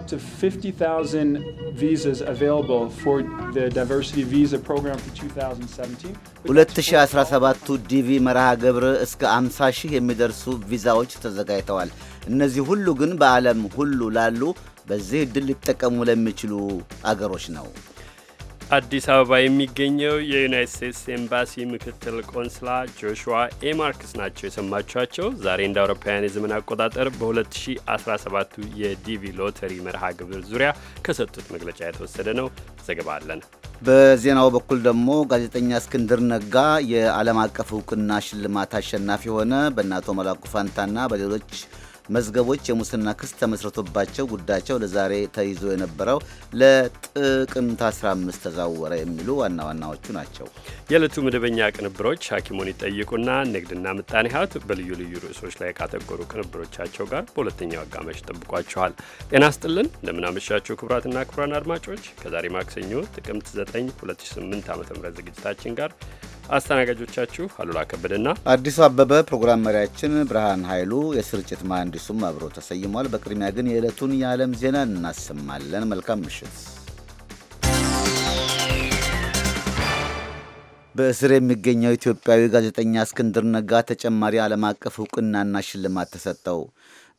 up to 50,000 visas available for the diversity visa program for 2017. 2017ቱ ዲቪ መርሃ ግብር እስከ 50 ሺህ የሚደርሱ ቪዛዎች ተዘጋጅተዋል። እነዚህ ሁሉ ግን በዓለም ሁሉ ላሉ በዚህ ዕድል ሊጠቀሙ ለሚችሉ አገሮች ነው። አዲስ አበባ የሚገኘው የዩናይት ስቴትስ ኤምባሲ ምክትል ቆንስላ ጆሹዋ ኤ ማርክስ ናቸው የሰማችኋቸው። ዛሬ እንደ አውሮፓውያን የዘመን አቆጣጠር በ2017 የዲቪ ሎተሪ መርሃ ግብር ዙሪያ ከሰጡት መግለጫ የተወሰደ ነው። ዘገባ አለን። በዜናው በኩል ደግሞ ጋዜጠኛ እስክንድር ነጋ የዓለም አቀፍ እውቅና ሽልማት አሸናፊ ሆነ። በእነ አቶ መላኩ ፋንታና በሌሎች መዝገቦች የሙስና ክስ ተመስርቶባቸው ጉዳያቸው ለዛሬ ተይዞ የነበረው ለጥቅምት 15 ተዛወረ የሚሉ ዋና ዋናዎቹ ናቸው። የዕለቱ መደበኛ ቅንብሮች ሀኪሙን ይጠይቁና ንግድና ምጣኔ ሀብት በልዩ ልዩ ርዕሶች ላይ ካተኮሩ ቅንብሮቻቸው ጋር በሁለተኛው አጋማሽ ጠብቋቸዋል። ጤና ስጥልን እንደምናመሻቸው ክቡራትና ክቡራን አድማጮች ከዛሬ ማክሰኞ ጥቅምት 9 2008 ዓ ም ዝግጅታችን ጋር አስተናጋጆቻችሁ አሉላ ከበደና አዲሱ አበበ፣ ፕሮግራም መሪያችን ብርሃን ኃይሉ፣ የስርጭት መሐንዲሱም አብሮ ተሰይሟል። በቅድሚያ ግን የዕለቱን የዓለም ዜና እናሰማለን። መልካም ምሽት። በእስር የሚገኘው ኢትዮጵያዊ ጋዜጠኛ እስክንድር ነጋ ተጨማሪ ዓለም አቀፍ እውቅናና ሽልማት ተሰጠው።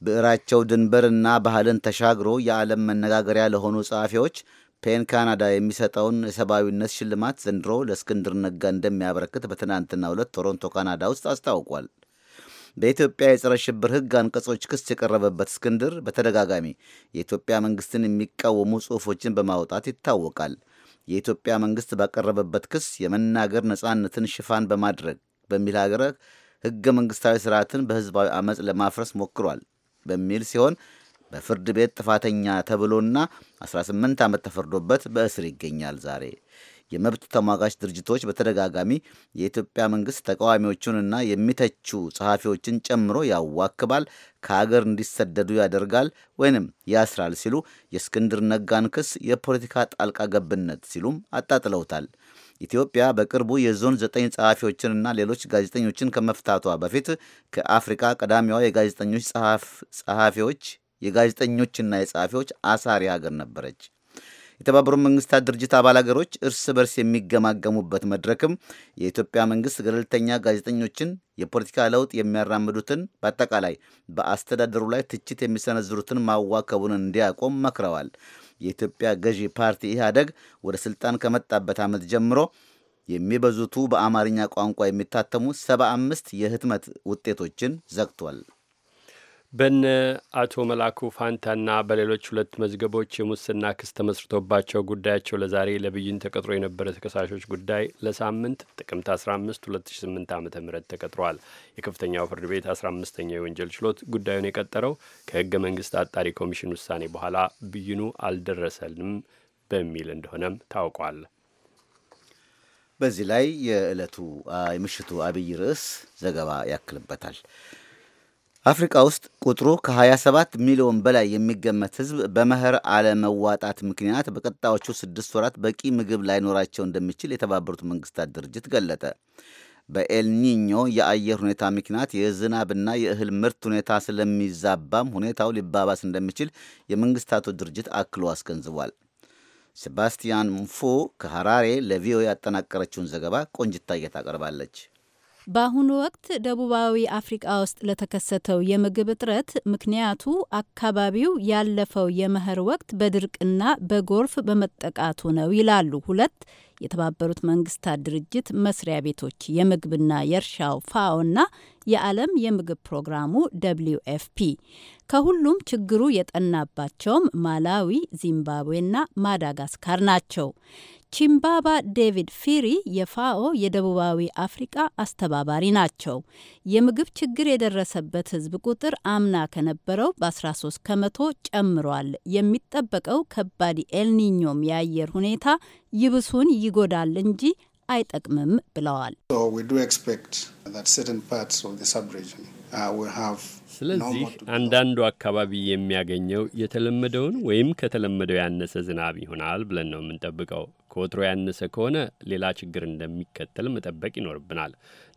ብዕራቸው ድንበርና ባህልን ተሻግሮ የዓለም መነጋገሪያ ለሆኑ ጸሐፊዎች ፔን ካናዳ የሚሰጠውን የሰብአዊነት ሽልማት ዘንድሮ ለእስክንድር ነጋ እንደሚያበረክት በትናንትናው ዕለት ቶሮንቶ ካናዳ ውስጥ አስታውቋል። በኢትዮጵያ የጸረ ሽብር ሕግ አንቀጾች ክስ የቀረበበት እስክንድር በተደጋጋሚ የኢትዮጵያ መንግስትን የሚቃወሙ ጽሑፎችን በማውጣት ይታወቃል። የኢትዮጵያ መንግስት ባቀረበበት ክስ የመናገር ነጻነትን ሽፋን በማድረግ በሚል ሀገረ ሕገ መንግስታዊ ስርዓትን በህዝባዊ አመፅ ለማፍረስ ሞክሯል በሚል ሲሆን በፍርድ ቤት ጥፋተኛ ተብሎና 18 ዓመት ተፈርዶበት በእስር ይገኛል ዛሬ። የመብት ተሟጋች ድርጅቶች በተደጋጋሚ የኢትዮጵያ መንግስት ተቃዋሚዎቹንና የሚተቹ ጸሐፊዎችን ጨምሮ ያዋክባል፣ ከሀገር እንዲሰደዱ ያደርጋል ወይንም ያስራል ሲሉ የእስክንድር ነጋን ክስ የፖለቲካ ጣልቃ ገብነት ሲሉም አጣጥለውታል። ኢትዮጵያ በቅርቡ የዞን ዘጠኝ ጸሐፊዎችንና ሌሎች ጋዜጠኞችን ከመፍታቷ በፊት ከአፍሪካ ቀዳሚዋ የጋዜጠኞች ጸሐፊዎች የጋዜጠኞችና የጸሐፊዎች አሳሪ ሀገር ነበረች። የተባበሩት መንግስታት ድርጅት አባል ሀገሮች እርስ በርስ የሚገማገሙበት መድረክም የኢትዮጵያ መንግስት ገለልተኛ ጋዜጠኞችን፣ የፖለቲካ ለውጥ የሚያራምዱትን፣ በአጠቃላይ በአስተዳደሩ ላይ ትችት የሚሰነዝሩትን ማዋከቡን እንዲያቆም መክረዋል። የኢትዮጵያ ገዢ ፓርቲ ኢህአደግ ወደ ስልጣን ከመጣበት ዓመት ጀምሮ የሚበዙቱ በአማርኛ ቋንቋ የሚታተሙ አምስት የህትመት ውጤቶችን ዘግቷል። በነ አቶ መላኩ ፋንታና በሌሎች ሁለት መዝገቦች የሙስና ክስ ተመስርቶባቸው ጉዳያቸው ለዛሬ ለብይን ተቀጥሮ የነበረ ተከሳሾች ጉዳይ ለሳምንት ጥቅምት 15 2008 ዓ ም ተቀጥሯል። የከፍተኛው ፍርድ ቤት 15ኛው የወንጀል ችሎት ጉዳዩን የቀጠረው ከህገ መንግስት አጣሪ ኮሚሽን ውሳኔ በኋላ ብይኑ አልደረሰልም በሚል እንደሆነም ታውቋል። በዚህ ላይ የዕለቱ የምሽቱ አብይ ርዕስ ዘገባ ያክልበታል። አፍሪካ ውስጥ ቁጥሩ ከ27 ሚሊዮን በላይ የሚገመት ህዝብ በመኸር አለመዋጣት ምክንያት በቀጣዮቹ ስድስት ወራት በቂ ምግብ ላይኖራቸው እንደሚችል የተባበሩት መንግስታት ድርጅት ገለጠ። በኤልኒኞ የአየር ሁኔታ ምክንያት የዝናብና የእህል ምርት ሁኔታ ስለሚዛባም ሁኔታው ሊባባስ እንደሚችል የመንግስታቱ ድርጅት አክሎ አስገንዝቧል። ሴባስቲያን ምፎ ከሐራሬ ለቪኦኤ ያጠናቀረችውን ዘገባ ቆንጅታ ታቀርባለች። በአሁኑ ወቅት ደቡባዊ አፍሪቃ ውስጥ ለተከሰተው የምግብ እጥረት ምክንያቱ አካባቢው ያለፈው የመኸር ወቅት በድርቅና በጎርፍ በመጠቃቱ ነው ይላሉ ሁለት የተባበሩት መንግስታት ድርጅት መስሪያ ቤቶች የምግብና የእርሻው ፋኦና የዓለም የምግብ ፕሮግራሙ ደብልዩ ኤፍፒ ከሁሉም ችግሩ የጠናባቸውም ማላዊ፣ ዚምባብዌና ማዳጋስካር ናቸው። ቺምባባ ዴቪድ ፊሪ የፋኦ የደቡባዊ አፍሪቃ አስተባባሪ ናቸው። የምግብ ችግር የደረሰበት ህዝብ ቁጥር አምና ከነበረው በ13 ከመቶ ጨምሯል። የሚጠበቀው ከባድ ኤልኒኞም የአየር ሁኔታ ይብሱን ይጎዳል እንጂ አይጠቅምም ብለዋል። uh, ስለዚህ አንዳንዱ አካባቢ የሚያገኘው የተለመደውን ወይም ከተለመደው ያነሰ ዝናብ ይሆናል ብለን ነው የምንጠብቀው። ከወትሮ ያነሰ ከሆነ ሌላ ችግር እንደሚከተል መጠበቅ ይኖርብናል።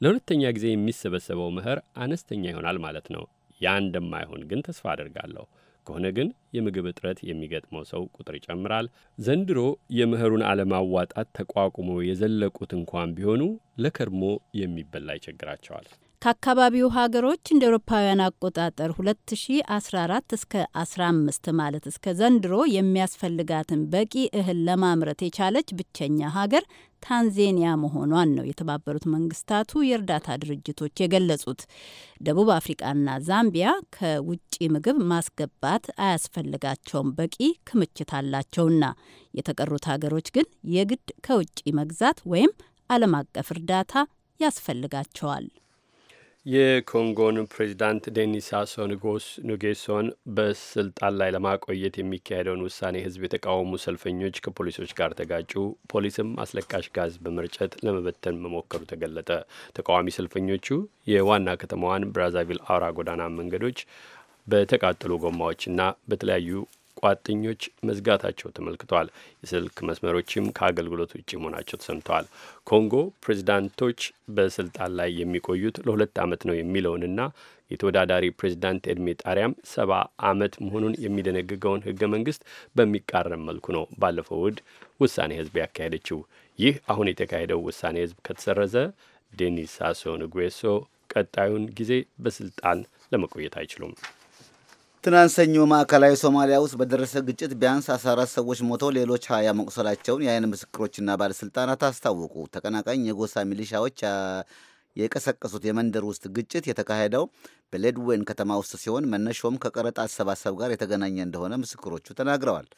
ለሁለተኛ ጊዜ የሚሰበሰበው መኸር አነስተኛ ይሆናል ማለት ነው። ያ እንደማይሆን ግን ተስፋ አድርጋለሁ። ከሆነ ግን የምግብ እጥረት የሚገጥመው ሰው ቁጥር ይጨምራል። ዘንድሮ የምህሩን አለማዋጣት ተቋቁሞ የዘለቁት እንኳን ቢሆኑ ለከርሞ የሚበላ ይቸግራቸዋል። ከአካባቢው ሀገሮች እንደ ኤሮፓውያን አቆጣጠር 2014 እስከ 15 ማለት እስከ ዘንድሮ የሚያስፈልጋትን በቂ እህል ለማምረት የቻለች ብቸኛ ሀገር ታንዜኒያ መሆኗን ነው የተባበሩት መንግስታቱ የእርዳታ ድርጅቶች የገለጹት። ደቡብ አፍሪቃና ዛምቢያ ከውጭ ምግብ ማስገባት አያስፈልጋቸውም፣ በቂ ክምችት አላቸውና። የተቀሩት ሀገሮች ግን የግድ ከውጭ መግዛት ወይም ዓለም አቀፍ እርዳታ ያስፈልጋቸዋል። የኮንጎን ፕሬዚዳንት ዴኒስ ሳሶ ኑጌሶን በስልጣን ላይ ለማቆየት የሚካሄደውን ውሳኔ ህዝብ የተቃወሙ ሰልፈኞች ከፖሊሶች ጋር ተጋጩ። ፖሊስም አስለቃሽ ጋዝ በመርጨት ለመበተን መሞከሩ ተገለጠ። ተቃዋሚ ሰልፈኞቹ የዋና ከተማዋን ብራዛቪል አውራ ጎዳና መንገዶች በተቃጠሉ ጎማዎችና በተለያዩ ቋጥኞች መዝጋታቸው ተመልክተዋል። የስልክ መስመሮችም ከአገልግሎት ውጭ መሆናቸው ተሰምተዋል። ኮንጎ ፕሬዚዳንቶች በስልጣን ላይ የሚቆዩት ለሁለት ዓመት ነው የሚለውንና የተወዳዳሪ ፕሬዚዳንት እድሜ ጣሪያም ሰባ ዓመት መሆኑን የሚደነግገውን ህገ መንግስት በሚቃረም መልኩ ነው ባለፈው እሁድ ውሳኔ ህዝብ ያካሄደችው። ይህ አሁን የተካሄደው ውሳኔ ህዝብ ከተሰረዘ ዴኒስ ሳሶን ጉዌሶ ቀጣዩን ጊዜ በስልጣን ለመቆየት አይችሉም። ትናንት ሰኞ ማዕከላዊ ሶማሊያ ውስጥ በደረሰ ግጭት ቢያንስ 14 ሰዎች ሞተው ሌሎች ሀያ መቁሰላቸውን የአይን ምስክሮችና ባለስልጣናት አስታወቁ። ተቀናቃኝ የጎሳ ሚሊሻዎች የቀሰቀሱት የመንደር ውስጥ ግጭት የተካሄደው በሌድዌን ከተማ ውስጥ ሲሆን መነሻውም ከቀረጥ አሰባሰብ ጋር የተገናኘ እንደሆነ ምስክሮቹ ተናግረዋል።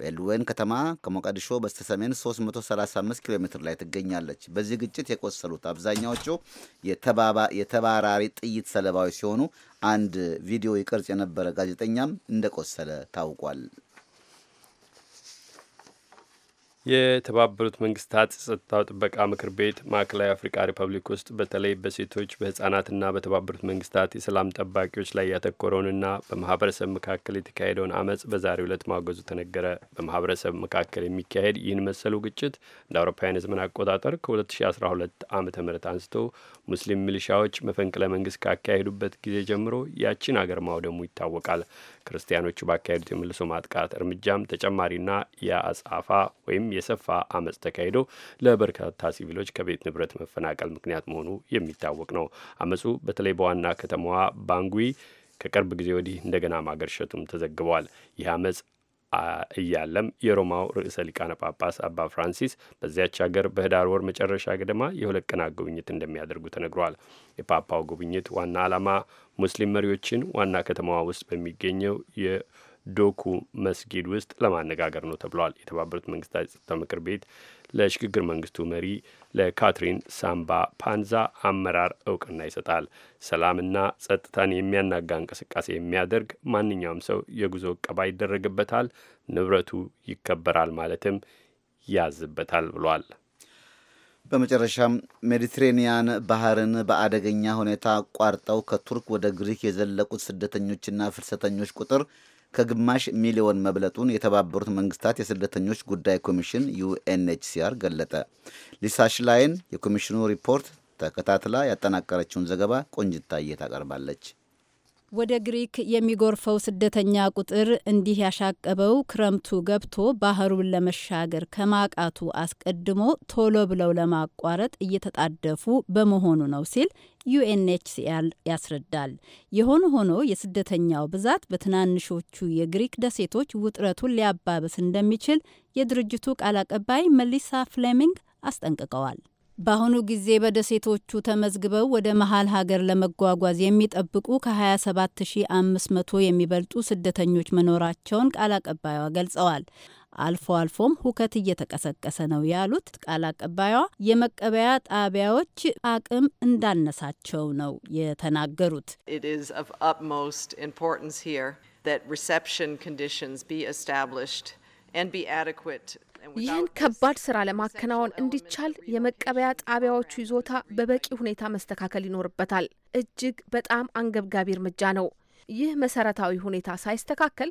በኤልዌን ከተማ ከሞቃዲሾ በስተሰሜን 335 ኪሎ ሜትር ላይ ትገኛለች። በዚህ ግጭት የቆሰሉት አብዛኛዎቹ የተባራሪ ጥይት ሰለባዎች ሲሆኑ አንድ ቪዲዮ ይቀርጽ የነበረ ጋዜጠኛም እንደቆሰለ ታውቋል። የተባበሩት መንግስታት ጸጥታው ጥበቃ ምክር ቤት ማዕከላዊ አፍሪካ ሪፐብሊክ ውስጥ በተለይ በሴቶች በህጻናትና በተባበሩት መንግስታት የሰላም ጠባቂዎች ላይ ያተኮረውንና በማህበረሰብ መካከል የተካሄደውን አመፅ በዛሬው ዕለት ማውገዙ ተነገረ። በማህበረሰብ መካከል የሚካሄድ ይህን መሰሉ ግጭት እንደ አውሮፓውያን ዘመን አቆጣጠር ከ2012 ዓ ም አንስቶ ሙስሊም ሚሊሻዎች መፈንቅለ መንግስት ካካሄዱበት ጊዜ ጀምሮ ያቺን አገር ማውደሙ ይታወቃል። ክርስቲያኖቹ ባካሄዱት የመልሶ ማጥቃት እርምጃም ተጨማሪና የአጻፋ ወይም የሰፋ አመፅ ተካሂዶ ለበርካታ ሲቪሎች ከቤት ንብረት መፈናቀል ምክንያት መሆኑ የሚታወቅ ነው። አመፁ በተለይ በዋና ከተማዋ ባንጉይ ከቅርብ ጊዜ ወዲህ እንደገና ማገርሸቱም ተዘግቧል። ይህ አመፅ እያለም የሮማው ርዕሰ ሊቃነ ጳጳስ አባ ፍራንሲስ በዚያች ሀገር በህዳር ወር መጨረሻ ገደማ የሁለት ቀናት ጉብኝት እንደሚያደርጉ ተነግሯል። የፓፓው ጉብኝት ዋና ዓላማ ሙስሊም መሪዎችን ዋና ከተማዋ ውስጥ በሚገኘው የዶኩ መስጊድ ውስጥ ለማነጋገር ነው ተብሏል። የተባበሩት መንግስታት የጸጥታው ምክር ቤት ለሽግግር መንግስቱ መሪ ለካትሪን ሳምባ ፓንዛ አመራር እውቅና ይሰጣል። ሰላምና ጸጥታን የሚያናጋ እንቅስቃሴ የሚያደርግ ማንኛውም ሰው የጉዞ እቀባ ይደረግበታል፣ ንብረቱ ይከበራል ማለትም ያዝበታል ብሏል። በመጨረሻም ሜዲትሬኒያን ባህርን በአደገኛ ሁኔታ አቋርጠው ከቱርክ ወደ ግሪክ የዘለቁት ስደተኞችና ፍልሰተኞች ቁጥር ከግማሽ ሚሊዮን መብለጡን የተባበሩት መንግስታት የስደተኞች ጉዳይ ኮሚሽን ዩኤንኤችሲአር ገለጠ። ሊሳሽ ላይን የኮሚሽኑ ሪፖርት ተከታትላ ያጠናቀረችውን ዘገባ ቆንጅታዬ ታቀርባለች። ወደ ግሪክ የሚጎርፈው ስደተኛ ቁጥር እንዲህ ያሻቀበው ክረምቱ ገብቶ ባህሩን ለመሻገር ከማቃቱ አስቀድሞ ቶሎ ብለው ለማቋረጥ እየተጣደፉ በመሆኑ ነው ሲል ዩኤንኤችሲአር ያስረዳል። የሆነ ሆኖ የስደተኛው ብዛት በትናንሾቹ የግሪክ ደሴቶች ውጥረቱን ሊያባብስ እንደሚችል የድርጅቱ ቃል አቀባይ መሊሳ ፍሌሚንግ አስጠንቅቀዋል። በአሁኑ ጊዜ በደሴቶቹ ተመዝግበው ወደ መሀል ሀገር ለመጓጓዝ የሚጠብቁ ከ27500 የሚበልጡ ስደተኞች መኖራቸውን ቃል አቀባዩዋ ገልጸዋል። አልፎ አልፎም ሁከት እየተቀሰቀሰ ነው ያሉት ቃል አቀባዩዋ የመቀበያ ጣቢያዎች አቅም እንዳነሳቸው ነው የተናገሩት። ይህን ከባድ ስራ ለማከናወን እንዲቻል የመቀበያ ጣቢያዎቹ ይዞታ በበቂ ሁኔታ መስተካከል ይኖርበታል። እጅግ በጣም አንገብጋቢ እርምጃ ነው። ይህ መሰረታዊ ሁኔታ ሳይስተካከል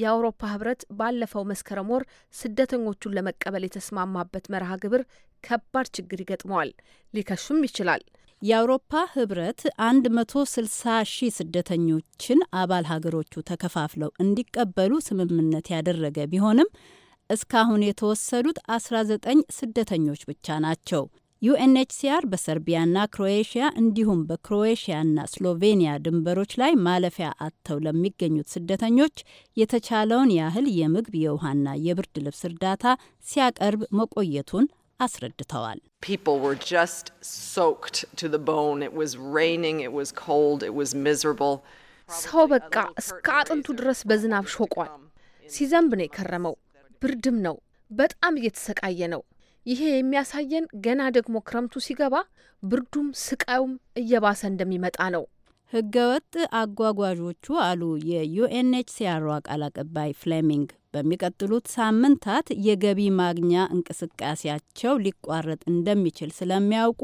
የአውሮፓ ህብረት ባለፈው መስከረም ወር ስደተኞቹን ለመቀበል የተስማማበት መርሃ ግብር ከባድ ችግር ይገጥመዋል፣ ሊከሹም ይችላል። የአውሮፓ ህብረት 160 ሺህ ስደተኞችን አባል ሀገሮቹ ተከፋፍለው እንዲቀበሉ ስምምነት ያደረገ ቢሆንም እስካሁን የተወሰዱት 19 ስደተኞች ብቻ ናቸው። ዩኤንኤችሲአር በሰርቢያና ክሮኤሽያ እንዲሁም በክሮኤሽያና ስሎቬኒያ ድንበሮች ላይ ማለፊያ አጥተው ለሚገኙት ስደተኞች የተቻለውን ያህል የምግብ የውሃና የብርድ ልብስ እርዳታ ሲያቀርብ መቆየቱን አስረድተዋል። ሰው በቃ እስከ አጥንቱ ድረስ በዝናብ ሾቋል። ሲዘንብ ነው የከረመው። ብርድም ነው። በጣም እየተሰቃየ ነው። ይሄ የሚያሳየን ገና ደግሞ ክረምቱ ሲገባ ብርዱም ስቃዩም እየባሰ እንደሚመጣ ነው። ህገወጥ አጓጓዦቹ አሉ የዩኤንኤችሲአር ቃል አቀባይ ፍሌሚንግ በሚቀጥሉት ሳምንታት የገቢ ማግኛ እንቅስቃሴያቸው ሊቋረጥ እንደሚችል ስለሚያውቁ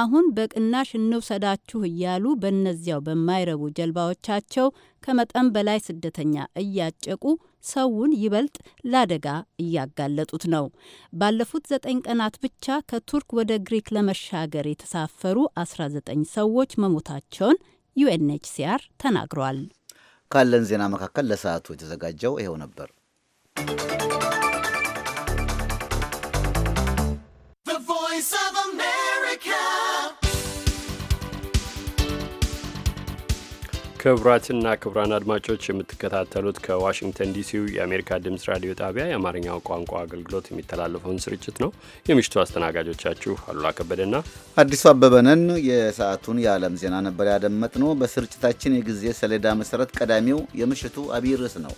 አሁን በቅናሽ እንውሰዳችሁ እያሉ በእነዚያው በማይረቡ ጀልባዎቻቸው ከመጠን በላይ ስደተኛ እያጨቁ ሰውን ይበልጥ ለአደጋ እያጋለጡት ነው። ባለፉት ዘጠኝ ቀናት ብቻ ከቱርክ ወደ ግሪክ ለመሻገር የተሳፈሩ 19 ሰዎች መሞታቸውን ዩኤንኤችሲአር ተናግሯል። ካለን ዜና መካከል ለሰዓቱ የተዘጋጀው ይኸው ነበር። ክቡራትና ክቡራን አድማጮች የምትከታተሉት ከዋሽንግተን ዲሲው የአሜሪካ ድምፅ ራዲዮ ጣቢያ የአማርኛው ቋንቋ አገልግሎት የሚተላለፈውን ስርጭት ነው። የምሽቱ አስተናጋጆቻችሁ አሉላ ከበደና አዲሱ አበበንን የሰዓቱን የዓለም ዜና ነበር ያደመጥነው። በስርጭታችን የጊዜ ሰሌዳ መሰረት ቀዳሚው የምሽቱ አብይ ርዕስ ነው።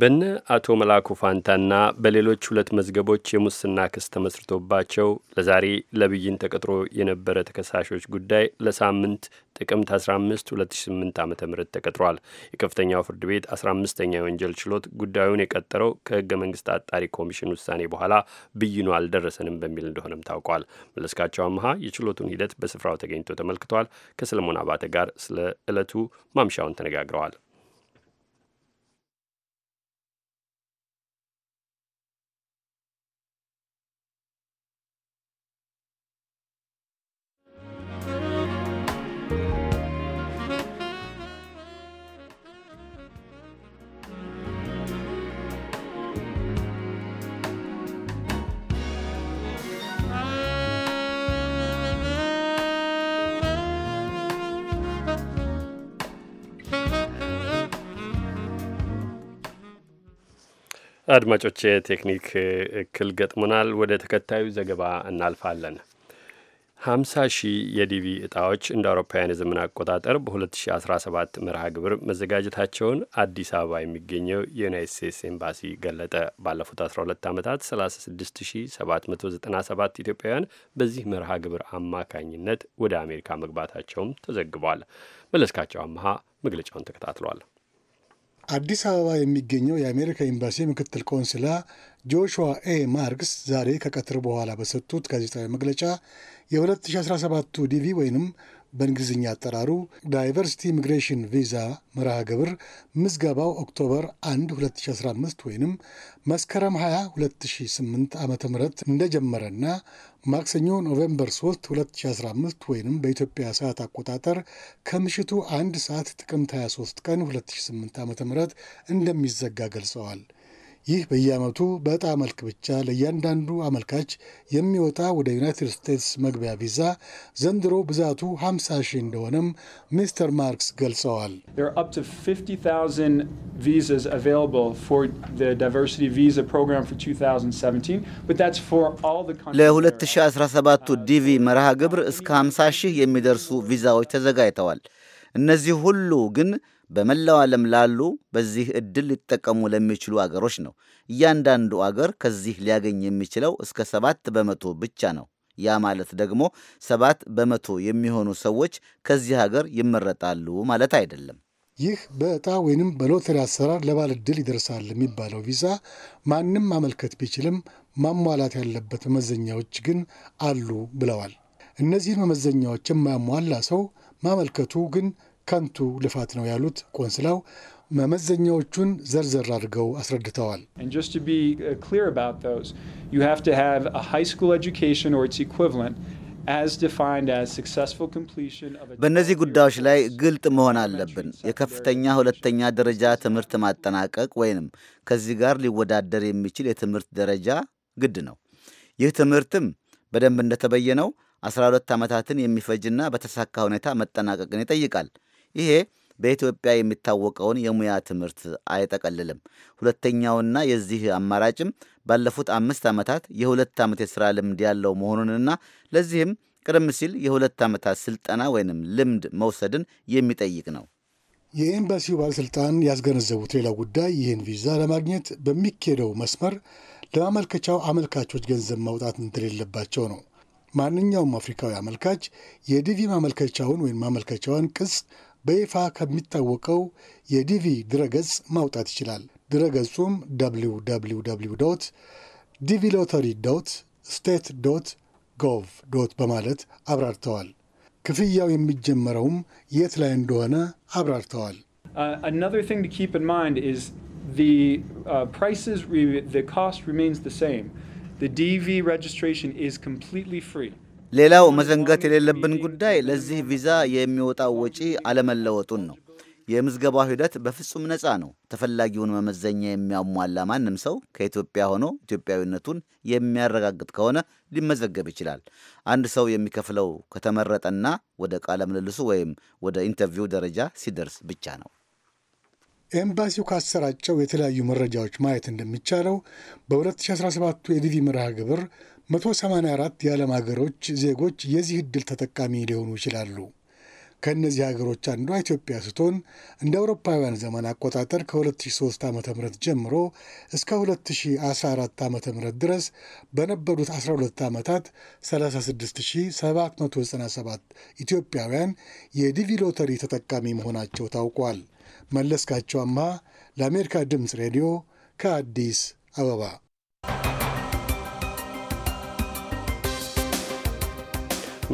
በነ አቶ መላኩ ፋንታና በሌሎች ሁለት መዝገቦች የሙስና ክስ ተመስርቶባቸው ለዛሬ ለብይን ተቀጥሮ የነበረ ተከሳሾች ጉዳይ ለሳምንት ጥቅምት 15 2008 ዓ ም ተቀጥሯል። የከፍተኛው ፍርድ ቤት 15ኛ የወንጀል ችሎት ጉዳዩን የቀጠረው ከህገ መንግስት አጣሪ ኮሚሽን ውሳኔ በኋላ ብይኑ አልደረሰንም በሚል እንደሆነም ታውቋል። መለስካቸው አመሃ የችሎቱን ሂደት በስፍራው ተገኝቶ ተመልክቷል። ከሰለሞን አባተ ጋር ስለ ዕለቱ ማምሻውን ተነጋግረዋል። አድማጮች የቴክኒክ እክል ገጥሞናል። ወደ ተከታዩ ዘገባ እናልፋለን። 50 ሺህ የዲቪ እጣዎች እንደ አውሮፓውያን የዘመን አቆጣጠር በ2017 መርሃ ግብር መዘጋጀታቸውን አዲስ አበባ የሚገኘው የዩናይት ስቴትስ ኤምባሲ ገለጠ። ባለፉት 12 ዓመታት 36797 ኢትዮጵያውያን በዚህ መርሃ ግብር አማካኝነት ወደ አሜሪካ መግባታቸውም ተዘግቧል። መለስካቸው አመሃ መግለጫውን ተከታትሏል። አዲስ አበባ የሚገኘው የአሜሪካ ኤምባሲ ምክትል ቆንስላ ጆሹዋ ኤ ማርክስ ዛሬ ከቀትር በኋላ በሰጡት ጋዜጣዊ መግለጫ የ2017ቱ ዲቪ ወይንም በእንግሊዝኛ አጠራሩ ዳይቨርሲቲ ኢሚግሬሽን ቪዛ መርሃ ግብር ምዝገባው ኦክቶበር 1 2015 ወይንም መስከረም 2 2008 ዓ ም እንደጀመረና ማክሰኞ ኖቬምበር 3 2015 ወይም በኢትዮጵያ ሰዓት አቆጣጠር ከምሽቱ አንድ ሰዓት ጥቅምት 23 ቀን 2008 ዓ ም እንደሚዘጋ ገልጸዋል። ይህ በየዓመቱ በዕጣ መልክ ብቻ ለእያንዳንዱ አመልካች የሚወጣ ወደ ዩናይትድ ስቴትስ መግቢያ ቪዛ ዘንድሮ ብዛቱ 50 ሺህ እንደሆነም ሚስተር ማርክስ ገልጸዋል። ለ2017ቱ ዲቪ መርሃ ግብር እስከ 50 ሺህ የሚደርሱ ቪዛዎች ተዘጋጅተዋል። እነዚህ ሁሉ ግን በመላው ዓለም ላሉ በዚህ ዕድል ሊጠቀሙ ለሚችሉ አገሮች ነው። እያንዳንዱ አገር ከዚህ ሊያገኝ የሚችለው እስከ ሰባት በመቶ ብቻ ነው። ያ ማለት ደግሞ ሰባት በመቶ የሚሆኑ ሰዎች ከዚህ ሀገር ይመረጣሉ ማለት አይደለም። ይህ በእጣ ወይንም በሎተሪ አሰራር ለባለ ዕድል ይደርሳል የሚባለው ቪዛ ማንም ማመልከት ቢችልም ማሟላት ያለበት መመዘኛዎች ግን አሉ ብለዋል። እነዚህን መመዘኛዎች የማያሟላ ሰው ማመልከቱ ግን ከንቱ ልፋት ነው ያሉት ቆንስላው መመዘኛዎቹን ዘርዘር አድርገው አስረድተዋል። uh, በእነዚህ ጉዳዮች ላይ ግልጥ መሆን አለብን። የከፍተኛ ሁለተኛ ደረጃ ትምህርት ማጠናቀቅ ወይንም ከዚህ ጋር ሊወዳደር የሚችል የትምህርት ደረጃ ግድ ነው። ይህ ትምህርትም በደንብ እንደተበየነው 12 ዓመታትን የሚፈጅና በተሳካ ሁኔታ መጠናቀቅን ይጠይቃል። ይሄ በኢትዮጵያ የሚታወቀውን የሙያ ትምህርት አይጠቀልልም። ሁለተኛውና የዚህ አማራጭም ባለፉት አምስት ዓመታት የሁለት ዓመት የሥራ ልምድ ያለው መሆኑንና ለዚህም ቀደም ሲል የሁለት ዓመታት ስልጠና ወይንም ልምድ መውሰድን የሚጠይቅ ነው። የኤምባሲው ባለሥልጣን ያስገነዘቡት ሌላው ጉዳይ ይህን ቪዛ ለማግኘት በሚካሄደው መስመር ለማመልከቻው አመልካቾች ገንዘብ ማውጣት እንደሌለባቸው ነው። ማንኛውም አፍሪካዊ አመልካች የዲቪ ማመልከቻውን ወይም ማመልከቻውን ቅጽ በይፋ ከሚታወቀው የዲቪ ድረገጽ ማውጣት ይችላል። ድረገጹም www ዶት ዲቪ ሎተሪ ዶት ስቴት ዶት ጎቭ ዶት በማለት አብራርተዋል። ክፍያው የሚጀመረውም የት ላይ እንደሆነ አብራርተዋል። ዲቪ ሬጅስትሬሽን ኢዝ ኮምፕሊትሊ ፍሪ ሌላው መዘንጋት የሌለብን ጉዳይ ለዚህ ቪዛ የሚወጣው ወጪ አለመለወጡን ነው። የምዝገባው ሂደት በፍጹም ነፃ ነው። ተፈላጊውን መመዘኛ የሚያሟላ ማንም ሰው ከኢትዮጵያ ሆኖ ኢትዮጵያዊነቱን የሚያረጋግጥ ከሆነ ሊመዘገብ ይችላል። አንድ ሰው የሚከፍለው ከተመረጠና ወደ ቃለ ምልልሱ ወይም ወደ ኢንተርቪው ደረጃ ሲደርስ ብቻ ነው። ኤምባሲው ካሰራጨው የተለያዩ መረጃዎች ማየት እንደሚቻለው በ2017 የዲቪ መርሃ ግብር 184 የዓለም ሀገሮች ዜጎች የዚህ ዕድል ተጠቃሚ ሊሆኑ ይችላሉ። ከእነዚህ ሀገሮች አንዷ ኢትዮጵያ ስትሆን እንደ አውሮፓውያን ዘመን አቆጣጠር ከ2003 ዓ ም ጀምሮ እስከ 2014 ዓ ም ድረስ በነበሩት 12 ዓመታት 36797 ኢትዮጵያውያን የዲቪ ሎተሪ ተጠቃሚ መሆናቸው ታውቋል። መለስካቸው አማ ለአሜሪካ ድምፅ ሬዲዮ ከአዲስ አበባ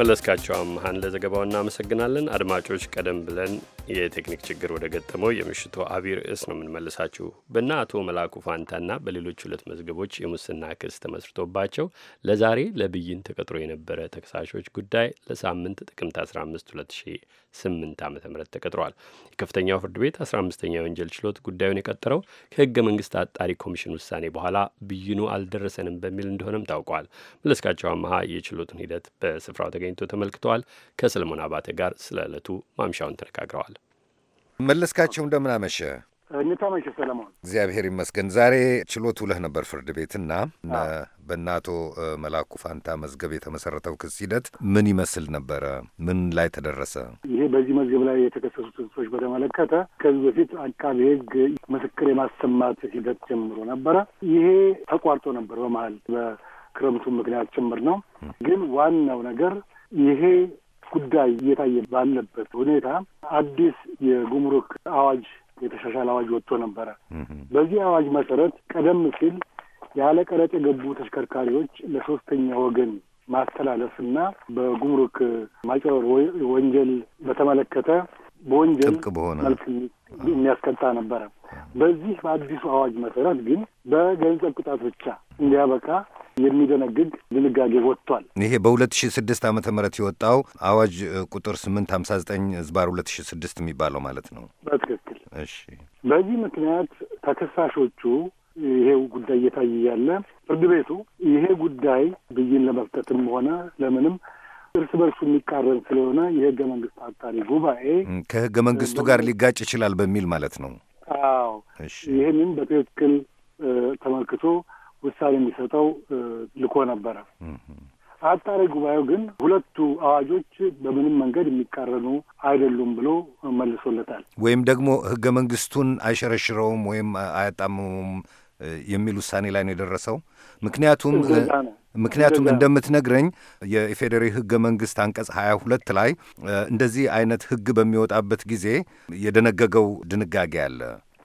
መለስካቸው አምሃን ለዘገባው እናመሰግናለን። አድማጮች ቀደም ብለን የቴክኒክ ችግር ወደ ገጠመው የምሽቱ አቢይ ርዕስ ነው የምንመልሳችሁ። በእነ አቶ መላኩ ፋንታና በሌሎች ሁለት መዝገቦች የሙስና ክስ ተመስርቶባቸው ለዛሬ ለብይን ተቀጥሮ የነበረ ተከሳሾች ጉዳይ ለሳምንት ጥቅምት 15 2008 ዓ ም ተቀጥሯል። የከፍተኛው ፍርድ ቤት 15ኛ የወንጀል ችሎት ጉዳዩን የቀጠረው ከህገ መንግስት አጣሪ ኮሚሽን ውሳኔ በኋላ ብይኑ አልደረሰንም በሚል እንደሆነም ታውቋል። መለስካቸው አመሀ የችሎቱን ሂደት በስፍራው ተገኝቶ ተመልክተዋል። ከሰለሞን አባተ ጋር ስለ ዕለቱ ማምሻውን ተነጋግረዋል። መለስካቸው እንደምን አመሸ? እንታመሸ ሰለሞን። እግዚአብሔር ይመስገን። ዛሬ ችሎት ውለህ ነበር ፍርድ ቤትና በእነ አቶ መላኩ ፋንታ መዝገብ የተመሰረተው ክስ ሂደት ምን ይመስል ነበረ? ምን ላይ ተደረሰ? ይሄ በዚህ መዝገብ ላይ የተከሰሱት ክሶች በተመለከተ ከዚህ በፊት አቃቢ ሕግ ምስክር የማሰማት ሂደት ጀምሮ ነበረ። ይሄ ተቋርጦ ነበር በመሀል በክረምቱ ምክንያት ጭምር ነው። ግን ዋናው ነገር ይሄ ጉዳይ እየታየ ባለበት ሁኔታ አዲስ የጉምሩክ አዋጅ የተሻሻለ አዋጅ ወጥቶ ነበረ። በዚህ አዋጅ መሰረት ቀደም ሲል ያለ ቀረጥ የገቡ ተሽከርካሪዎች ለሶስተኛ ወገን ማስተላለፍና በጉምሩክ ማጭበርበር ወንጀል በተመለከተ በወንጀል መልክ የሚያስቀጣ ነበረ። በዚህ በአዲሱ አዋጅ መሰረት ግን በገንዘብ ቅጣት ብቻ እንዲያበቃ የሚደነግግ ድንጋጌ ወጥቷል። ይሄ በሁለት ሺ ስድስት ዓመተ የወጣው አዋጅ ቁጥር ስምንት ሀምሳ ዘጠኝ ዝባር ሁለት ሺ ስድስት የሚባለው ማለት ነው። በትክክል እሺ። በዚህ ምክንያት ተከሳሾቹ ይሄው ጉዳይ እየታየ ያለ ፍርድ ቤቱ ይሄ ጉዳይ ብይን ለመፍጠትም ሆነ ለምንም እርስ በርሱ የሚቃረን ስለሆነ የህገ መንግስት አጣሪ ጉባኤ ከህገ መንግስቱ ጋር ሊጋጭ ይችላል በሚል ማለት ነው። አዎ ይህንን በትክክል ተመልክቶ ውሳኔ የሚሰጠው ልኮ ነበረ። አጣሪ ጉባኤው ግን ሁለቱ አዋጆች በምንም መንገድ የሚቃረኑ አይደሉም ብሎ መልሶለታል። ወይም ደግሞ ህገ መንግስቱን አይሸረሽረውም ወይም አያጣምሙም የሚል ውሳኔ ላይ ነው የደረሰው። ምክንያቱም ምክንያቱም እንደምትነግረኝ የኢፌዴሪ ህገ መንግስት አንቀጽ ሀያ ሁለት ላይ እንደዚህ አይነት ህግ በሚወጣበት ጊዜ የደነገገው ድንጋጌ አለ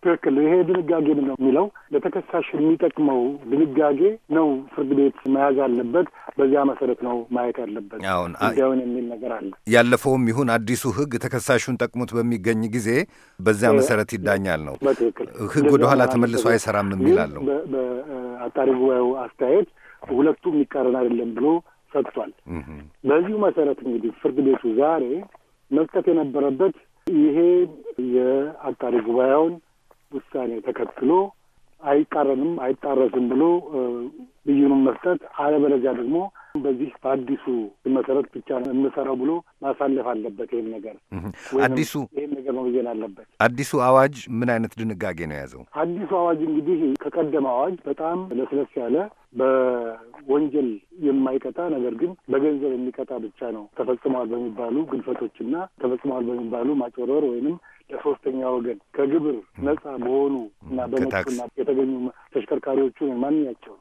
ትክክል ይሄ ድንጋጌ ነው የሚለው ለተከሳሽ የሚጠቅመው ድንጋጌ ነው ፍርድ ቤት መያዝ አለበት። በዚያ መሰረት ነው ማየት ያለበት ጉዳዩን የሚል ነገር አለ። ያለፈውም ይሁን አዲሱ ህግ ተከሳሹን ጠቅሙት በሚገኝ ጊዜ በዚያ መሰረት ይዳኛል ነው። በትክክል ሕግ ወደኋላ ተመልሶ አይሰራም የሚል አለው። በአጣሪ ጉባኤው አስተያየት ሁለቱ የሚቃረን አይደለም ብሎ ሰጥቷል። በዚሁ መሰረት እንግዲህ ፍርድ ቤቱ ዛሬ መስጠት የነበረበት ይሄ የአጣሪ ጉባኤውን ውሳኔ ተከትሎ አይቃረንም አይጣረስም ብሎ ብይኑን መስጠት፣ አለበለዚያ ደግሞ በዚህ በአዲሱ መሰረት ብቻ የምሰራው ብሎ ማሳለፍ አለበት። ይህን ነገር አዲሱ ይህን ነገር መብዜን አለበት። አዲሱ አዋጅ ምን አይነት ድንጋጌ ነው የያዘው? አዲሱ አዋጅ እንግዲህ ከቀደመ አዋጅ በጣም ለስለስ ያለ በ ወንጀል የማይቀጣ ነገር ግን በገንዘብ የሚቀጣ ብቻ ነው ተፈጽመዋል በሚባሉ ግድፈቶችና ተፈጽመዋል በሚባሉ ማጭበርበር ወይንም ለሶስተኛ ወገን ከግብር ነጻ በሆኑ እና በመጡና የተገኙ ተሽከርካሪዎቹን ማንኛቸው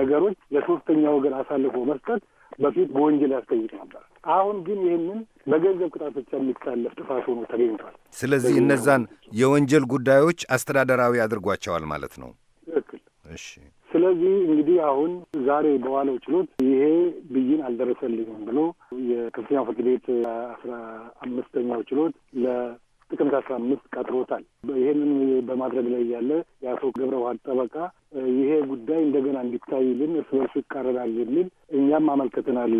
ነገሮች ለሶስተኛ ወገን አሳልፎ መስጠት በፊት በወንጀል ያስጠይቅ ነበር። አሁን ግን ይህንን በገንዘብ ቅጣት ብቻ የሚታለፍ ጥፋት ሆኖ ተገኝቷል። ስለዚህ እነዛን የወንጀል ጉዳዮች አስተዳደራዊ አድርጓቸዋል ማለት ነው። ትክክል። እሺ። ስለዚህ እንግዲህ አሁን ዛሬ በዋለው ችሎት ይሄ ብይን አልደረሰልኝም ብሎ የከፍተኛው ፍርድ ቤት አስራ አምስተኛው ችሎት ለጥቅምት አስራ አምስት ቀጥሮታል። ይሄንን በማድረግ ላይ ያለ የአቶ ገብረ ውሃን ጠበቃ ይሄ ጉዳይ እንደገና እንዲታይልን እርስ በርሱ ይቃረናል የሚል እኛም አመልክተናል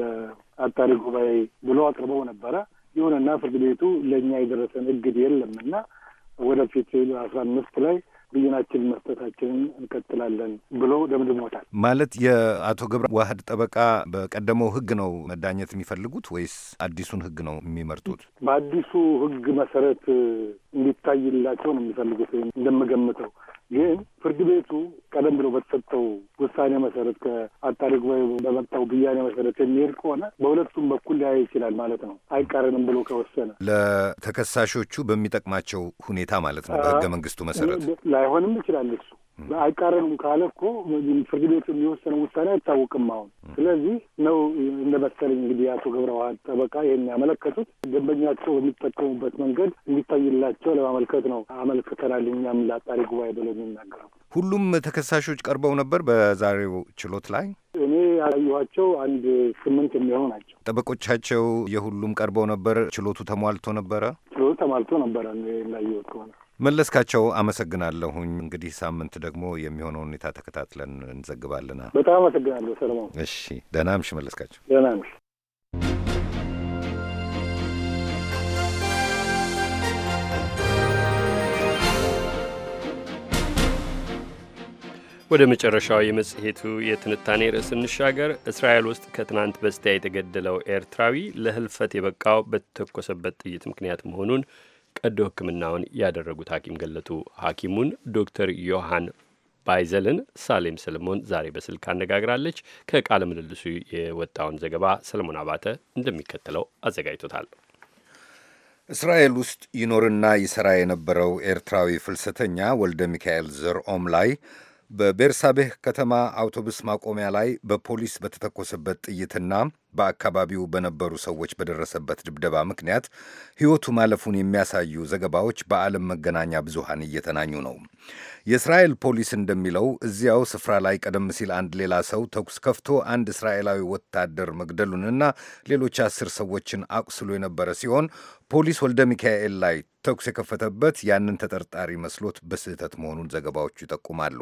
አጣሪ ጉባኤ ብሎ አቅርበው ነበረ። ይሁንና ፍርድ ቤቱ ለእኛ የደረሰን እግድ የለምና ወደፊት አስራ አምስት ላይ ብይናችን መስጠታችንን እንቀጥላለን ብሎ ደምድሞታል። ማለት የአቶ ገብረ ዋህድ ጠበቃ በቀደመው ህግ ነው መዳኘት የሚፈልጉት ወይስ አዲሱን ህግ ነው የሚመርጡት? በአዲሱ ህግ መሰረት እንዲታይላቸው ነው የሚፈልጉት ወይም እንደምገምተው ግን ፍርድ ቤቱ ቀደም ብሎ በተሰጠው ውሳኔ መሰረት ከአጣሪ ጉባኤ በመጣው ብያኔ መሰረት የሚሄድ ከሆነ በሁለቱም በኩል ሊያይ ይችላል ማለት ነው። አይቃረንም ብሎ ከወሰነ ለተከሳሾቹ በሚጠቅማቸው ሁኔታ ማለት ነው። በህገ መንግስቱ መሰረት ላይሆንም ይችላል እሱ አይቃረንም ካለ እኮ ፍርድ ቤቱ የሚወሰነው ውሳኔ አይታወቅም አሁን። ስለዚህ ነው እንደመሰለኝ እንግዲህ አቶ ገብረዋል ጠበቃ ይህን ያመለከቱት ደንበኛቸው በሚጠቀሙበት መንገድ እንዲታይላቸው ለማመልከት ነው። አመልክተናል እኛም ለአጣሪ ጉባኤ ብለው የሚናገረው ሁሉም ተከሳሾች ቀርበው ነበር በዛሬው ችሎት ላይ እኔ ያላየኋቸው አንድ ስምንት የሚሆኑ ናቸው። ጠበቆቻቸው የሁሉም ቀርበው ነበር። ችሎቱ ተሟልቶ ነበረ። ችሎቱ ተሟልቶ ነበረ ላየሁት ከሆነ መለስካቸው አመሰግናለሁኝ። እንግዲህ ሳምንት ደግሞ የሚሆነው ሁኔታ ተከታትለን እንዘግባልና በጣም አመሰግናለሁ ሰለሞን። እሺ ደህና መለስካቸው። ደህና ወደ መጨረሻው የመጽሔቱ የትንታኔ ርዕስ እንሻገር። እስራኤል ውስጥ ከትናንት በስቲያ የተገደለው ኤርትራዊ ለህልፈት የበቃው በተተኮሰበት ጥይት ምክንያት መሆኑን ቀዶ ሕክምናውን ያደረጉት ሐኪም ገለጡ። ሐኪሙን ዶክተር ዮሐን ባይዘልን ሳሌም ሰለሞን ዛሬ በስልክ አነጋግራለች። ከቃለ ምልልሱ የወጣውን ዘገባ ሰለሞን አባተ እንደሚከተለው አዘጋጅቶታል። እስራኤል ውስጥ ይኖርና ይሠራ የነበረው ኤርትራዊ ፍልሰተኛ ወልደ ሚካኤል ዘርኦም ላይ በቤርሳቤህ ከተማ አውቶቡስ ማቆሚያ ላይ በፖሊስ በተተኮሰበት ጥይትና በአካባቢው በነበሩ ሰዎች በደረሰበት ድብደባ ምክንያት ሕይወቱ ማለፉን የሚያሳዩ ዘገባዎች በዓለም መገናኛ ብዙሃን እየተናኙ ነው። የእስራኤል ፖሊስ እንደሚለው እዚያው ስፍራ ላይ ቀደም ሲል አንድ ሌላ ሰው ተኩስ ከፍቶ አንድ እስራኤላዊ ወታደር መግደሉንና ሌሎች አስር ሰዎችን አቁስሎ የነበረ ሲሆን ፖሊስ ወልደ ሚካኤል ላይ ተኩስ የከፈተበት ያንን ተጠርጣሪ መስሎት በስህተት መሆኑን ዘገባዎቹ ይጠቁማሉ።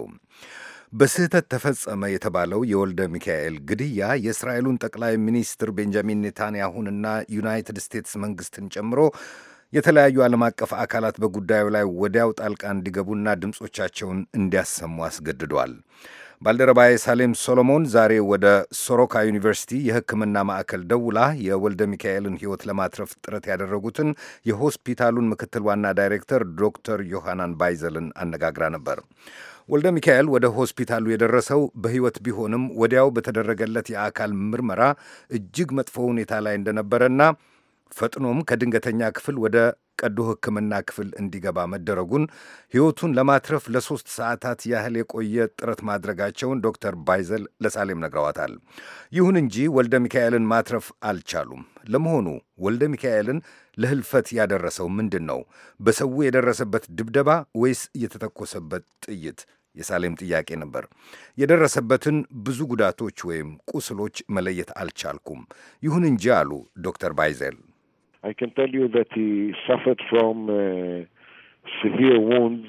በስህተት ተፈጸመ የተባለው የወልደ ሚካኤል ግድያ የእስራኤሉን ጠቅላይ ሚኒስትር ቤንጃሚን ኔታንያሁንና ዩናይትድ ስቴትስ መንግስትን ጨምሮ የተለያዩ ዓለም አቀፍ አካላት በጉዳዩ ላይ ወዲያው ጣልቃ እንዲገቡና ድምፆቻቸውን እንዲያሰሙ አስገድዷል። ባልደረባዬ ሳሌም ሶሎሞን ዛሬ ወደ ሶሮካ ዩኒቨርሲቲ የሕክምና ማዕከል ደውላ የወልደ ሚካኤልን ሕይወት ለማትረፍ ጥረት ያደረጉትን የሆስፒታሉን ምክትል ዋና ዳይሬክተር ዶክተር ዮሐናን ባይዘልን አነጋግራ ነበር። ወልደ ሚካኤል ወደ ሆስፒታሉ የደረሰው በሕይወት ቢሆንም ወዲያው በተደረገለት የአካል ምርመራ እጅግ መጥፎ ሁኔታ ላይ እንደነበረና ፈጥኖም ከድንገተኛ ክፍል ወደ ቀዶ ሕክምና ክፍል እንዲገባ መደረጉን ሕይወቱን ለማትረፍ ለሶስት ሰዓታት ያህል የቆየ ጥረት ማድረጋቸውን ዶክተር ባይዘል ለሳሌም ነግረዋታል። ይሁን እንጂ ወልደ ሚካኤልን ማትረፍ አልቻሉም። ለመሆኑ ወልደ ሚካኤልን ለህልፈት ያደረሰው ምንድን ነው? በሰው የደረሰበት ድብደባ ወይስ የተተኮሰበት ጥይት? የሳሌም ጥያቄ ነበር። የደረሰበትን ብዙ ጉዳቶች ወይም ቁስሎች መለየት አልቻልኩም። ይሁን እንጂ አሉ ዶክተር ባይዘል I can tell you that he suffered from uh, severe wounds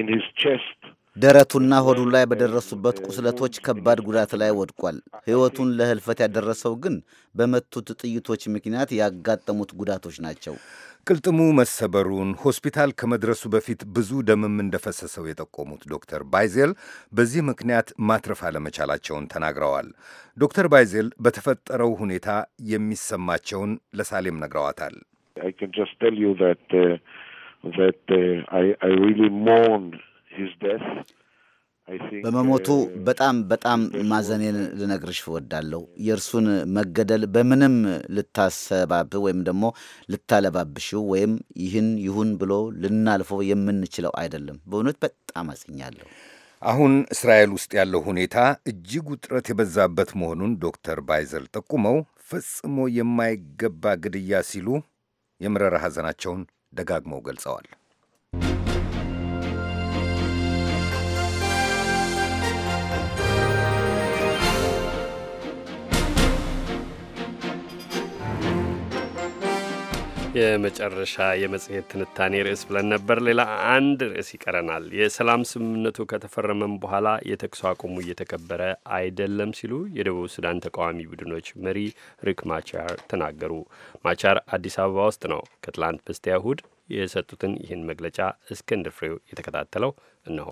in his chest. ደረቱና ሆዱ ላይ uh, በደረሱበት ቁስለቶች ከባድ ጉዳት ላይ ወድቋል። ሕይወቱን ለህልፈት ያደረሰው ግን በመቱት ጥይቶች ምክንያት ያጋጠሙት ጉዳቶች ናቸው። ቅልጥሙ መሰበሩን ሆስፒታል ከመድረሱ በፊት ብዙ ደምም እንደፈሰሰው የጠቆሙት ዶክተር ባይዜል በዚህ ምክንያት ማትረፍ አለመቻላቸውን ተናግረዋል። ዶክተር ባይዜል በተፈጠረው ሁኔታ የሚሰማቸውን ለሳሌም ነግረዋታል። በመሞቱ uh, በጣም በጣም ማዘኔን ልነግርሽ እወዳለሁ። የእርሱን መገደል በምንም ልታሰባብ ወይም ደግሞ ልታለባብሽው ወይም ይህን ይሁን ብሎ ልናልፈው የምንችለው አይደለም። በእውነት በጣም አዝኛለሁ። አሁን እስራኤል ውስጥ ያለው ሁኔታ እጅግ ውጥረት የበዛበት መሆኑን ዶክተር ባይዘል ጠቁመው ፈጽሞ የማይገባ ግድያ ሲሉ የምረራ ሐዘናቸውን ደጋግመው ገልጸዋል። የመጨረሻ የመጽሔት ትንታኔ ርዕስ ብለን ነበር። ሌላ አንድ ርዕስ ይቀረናል። የሰላም ስምምነቱ ከተፈረመም በኋላ የተኩስ አቁሙ እየተከበረ አይደለም ሲሉ የደቡብ ሱዳን ተቃዋሚ ቡድኖች መሪ ሪክ ማቻር ተናገሩ። ማቻር አዲስ አበባ ውስጥ ነው ከትላንት በስቲያ እሁድ የሰጡትን ይህን መግለጫ እስክንድር ፍሬው የተከታተለው እነሆ።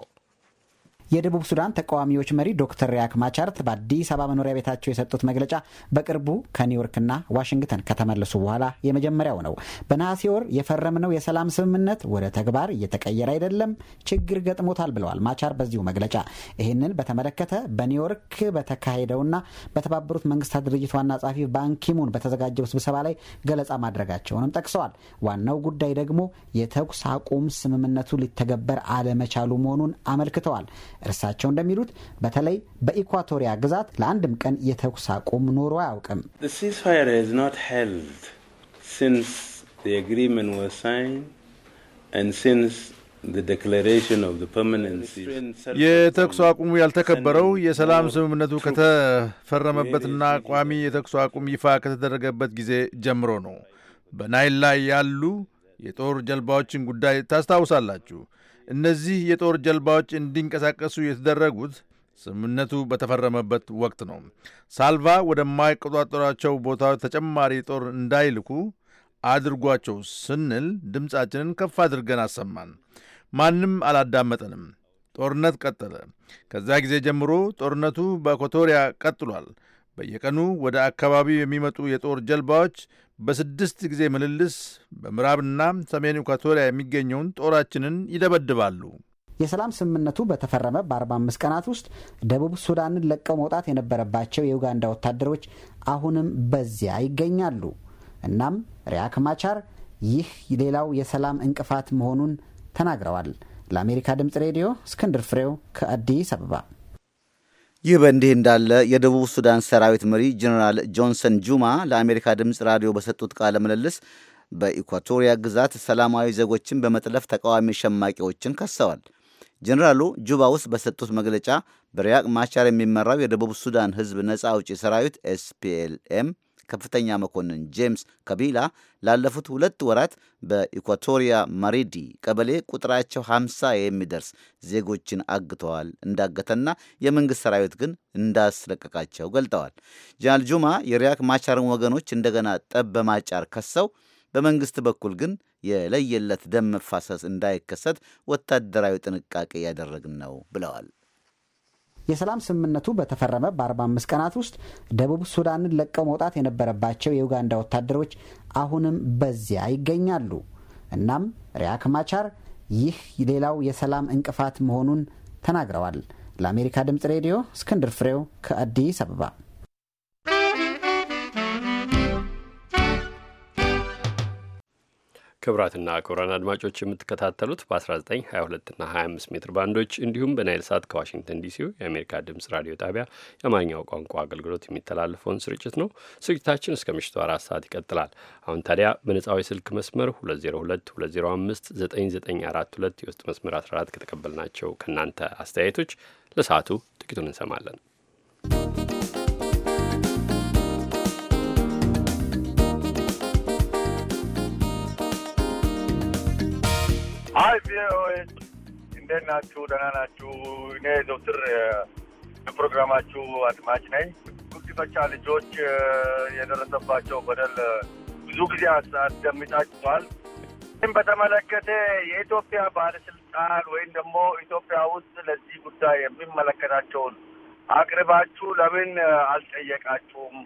የደቡብ ሱዳን ተቃዋሚዎች መሪ ዶክተር ሪያክ ማቻርት በአዲስ አበባ መኖሪያ ቤታቸው የሰጡት መግለጫ በቅርቡ ከኒውዮርክና ዋሽንግተን ከተመለሱ በኋላ የመጀመሪያው ነው። በነሐሴ ወር የፈረምነው የሰላም ስምምነት ወደ ተግባር እየተቀየረ አይደለም፣ ችግር ገጥሞታል ብለዋል ማቻር በዚሁ መግለጫ። ይህንን በተመለከተ በኒውዮርክ በተካሄደውና በተባበሩት መንግስታት ድርጅት ዋና ጸሐፊ ባንኪሙን በተዘጋጀው ስብሰባ ላይ ገለጻ ማድረጋቸውንም ጠቅሰዋል። ዋናው ጉዳይ ደግሞ የተኩስ አቁም ስምምነቱ ሊተገበር አለመቻሉ መሆኑን አመልክተዋል። እርሳቸው እንደሚሉት በተለይ በኢኳቶሪያ ግዛት ለአንድም ቀን የተኩስ አቁም ኖሮ አያውቅም። የተኩስ አቁሙ ያልተከበረው የሰላም ስምምነቱ ከተፈረመበትና ቋሚ የተኩስ አቁም ይፋ ከተደረገበት ጊዜ ጀምሮ ነው። በናይል ላይ ያሉ የጦር ጀልባዎችን ጉዳይ ታስታውሳላችሁ። እነዚህ የጦር ጀልባዎች እንዲንቀሳቀሱ የተደረጉት ስምምነቱ በተፈረመበት ወቅት ነው። ሳልቫ ወደማይቆጣጠሯቸው ቦታዎች ተጨማሪ ጦር እንዳይልኩ አድርጓቸው ስንል ድምፃችንን ከፍ አድርገን አሰማን። ማንም አላዳመጠንም። ጦርነት ቀጠለ። ከዚያ ጊዜ ጀምሮ ጦርነቱ በኢኳቶሪያ ቀጥሏል። በየቀኑ ወደ አካባቢው የሚመጡ የጦር ጀልባዎች በስድስት ጊዜ ምልልስ በምዕራብና ሰሜን ኢኳቶሪያ የሚገኘውን ጦራችንን ይደበድባሉ። የሰላም ስምምነቱ በተፈረመ በ45 ቀናት ውስጥ ደቡብ ሱዳንን ለቀው መውጣት የነበረባቸው የኡጋንዳ ወታደሮች አሁንም በዚያ ይገኛሉ። እናም ሪያክ ማቻር ይህ ሌላው የሰላም እንቅፋት መሆኑን ተናግረዋል። ለአሜሪካ ድምፅ ሬዲዮ እስክንድር ፍሬው ከአዲስ አበባ ይህ በእንዲህ እንዳለ የደቡብ ሱዳን ሰራዊት መሪ ጀኔራል ጆንሰን ጁማ ለአሜሪካ ድምፅ ራዲዮ በሰጡት ቃለ ምልልስ በኢኳቶሪያ ግዛት ሰላማዊ ዜጎችን በመጥለፍ ተቃዋሚ ሸማቂዎችን ከሰዋል። ጀኔራሉ ጁባ ውስጥ በሰጡት መግለጫ በሪያቅ ማቻር የሚመራው የደቡብ ሱዳን ሕዝብ ነፃ አውጪ ሰራዊት ኤስፒኤልኤም ከፍተኛ መኮንን ጄምስ ከቢላ ላለፉት ሁለት ወራት በኢኳቶሪያ ማሪዲ ቀበሌ ቁጥራቸው 50 የሚደርስ ዜጎችን አግተዋል እንዳገተና የመንግሥት ሰራዊት ግን እንዳስለቀቃቸው ገልጠዋል። ጀነራል ጁማ የሪያክ ማቻርን ወገኖች እንደገና ጠብ በማጫር ከሰው በመንግስት በኩል ግን የለየለት ደም መፋሰስ እንዳይከሰት ወታደራዊ ጥንቃቄ ያደረግን ነው ብለዋል። የሰላም ስምምነቱ በተፈረመ በ45 ቀናት ውስጥ ደቡብ ሱዳንን ለቀው መውጣት የነበረባቸው የኡጋንዳ ወታደሮች አሁንም በዚያ ይገኛሉ። እናም ሪያክ ማቻር ይህ ሌላው የሰላም እንቅፋት መሆኑን ተናግረዋል። ለአሜሪካ ድምፅ ሬዲዮ እስክንድር ፍሬው ከአዲስ አበባ ክቡራትና ክቡራን አድማጮች የምትከታተሉት በ1922 እና 25 ሜትር ባንዶች እንዲሁም በናይል ሳት ከዋሽንግተን ዲሲው የአሜሪካ ድምፅ ራዲዮ ጣቢያ የአማርኛው ቋንቋ አገልግሎት የሚተላለፈውን ስርጭት ነው። ስርጭታችን እስከ ምሽቱ አራት ሰዓት ይቀጥላል። አሁን ታዲያ በነፃዊ ስልክ መስመር 2022059942 የውስጥ መስመር 14 ከተቀበልናቸው ከእናንተ አስተያየቶች ለሰዓቱ ጥቂቱን እንሰማለን። ቪኦኤዎች እንዴት ናችሁ? ደህና ናችሁ? እኔ ዘውትር የፕሮግራማችሁ አድማጭ ነኝ። ጉዲፈቻ ልጆች የደረሰባቸው በደል ብዙ ጊዜ አስደምጣችኋል። ይህም በተመለከተ የኢትዮጵያ ባለስልጣን ወይም ደግሞ ኢትዮጵያ ውስጥ ለዚህ ጉዳይ የሚመለከታቸውን አቅርባችሁ ለምን አልጠየቃችሁም?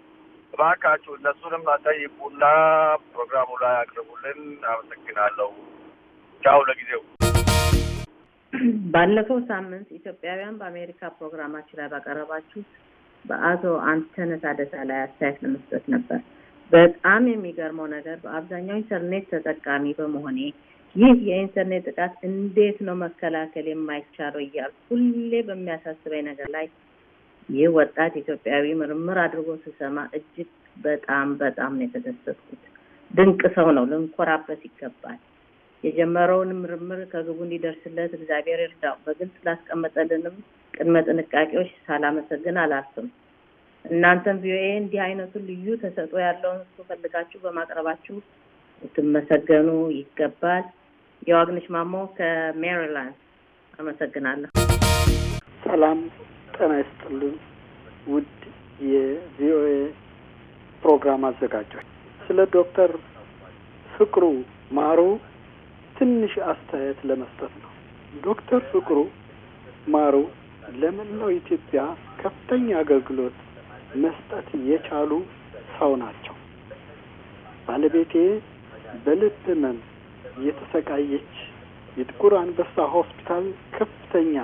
እባካችሁ እነሱንም አጠይቁና ፕሮግራሙ ላይ አቅርቡልን። አመሰግናለሁ። ቻው ለጊዜው። ባለፈው ሳምንት ኢትዮጵያውያን በአሜሪካ ፕሮግራማችን ላይ ባቀረባችሁ በአቶ አንተነህ ታደሰ ላይ አስተያየት ለመስጠት ነበር። በጣም የሚገርመው ነገር በአብዛኛው ኢንተርኔት ተጠቃሚ በመሆኔ ይህ የኢንተርኔት ጥቃት እንዴት ነው መከላከል የማይቻለው እያል ሁሌ በሚያሳስበኝ ነገር ላይ ይህ ወጣት ኢትዮጵያዊ ምርምር አድርጎ ስሰማ እጅግ በጣም በጣም ነው የተደሰትኩት። ድንቅ ሰው ነው፣ ልንኮራበት ይገባል። የጀመረውን ምርምር ከግቡ እንዲደርስለት እግዚአብሔር ይርዳው። በግልጽ ላስቀመጠልንም ቅድመ ጥንቃቄዎች ሳላመሰግን አላልፍም። እናንተም ቪኦኤ እንዲህ አይነቱን ልዩ ተሰጦ ያለውን እሱ ፈልጋችሁ በማቅረባችሁ ትመሰገኑ ይገባል። የዋግንሽ ማሞ ከሜሪላንድ አመሰግናለሁ። ሰላም ጤና ይስጥልን። ውድ የቪኦኤ ፕሮግራም አዘጋጆች ስለ ዶክተር ፍቅሩ ማሩ ትንሽ አስተያየት ለመስጠት ነው። ዶክተር ፍቅሩ ማሩ ለመላው ኢትዮጵያ ከፍተኛ አገልግሎት መስጠት የቻሉ ሰው ናቸው። ባለቤቴ በልብ ህመም የተሰቃየች የጥቁር አንበሳ ሆስፒታል ከፍተኛ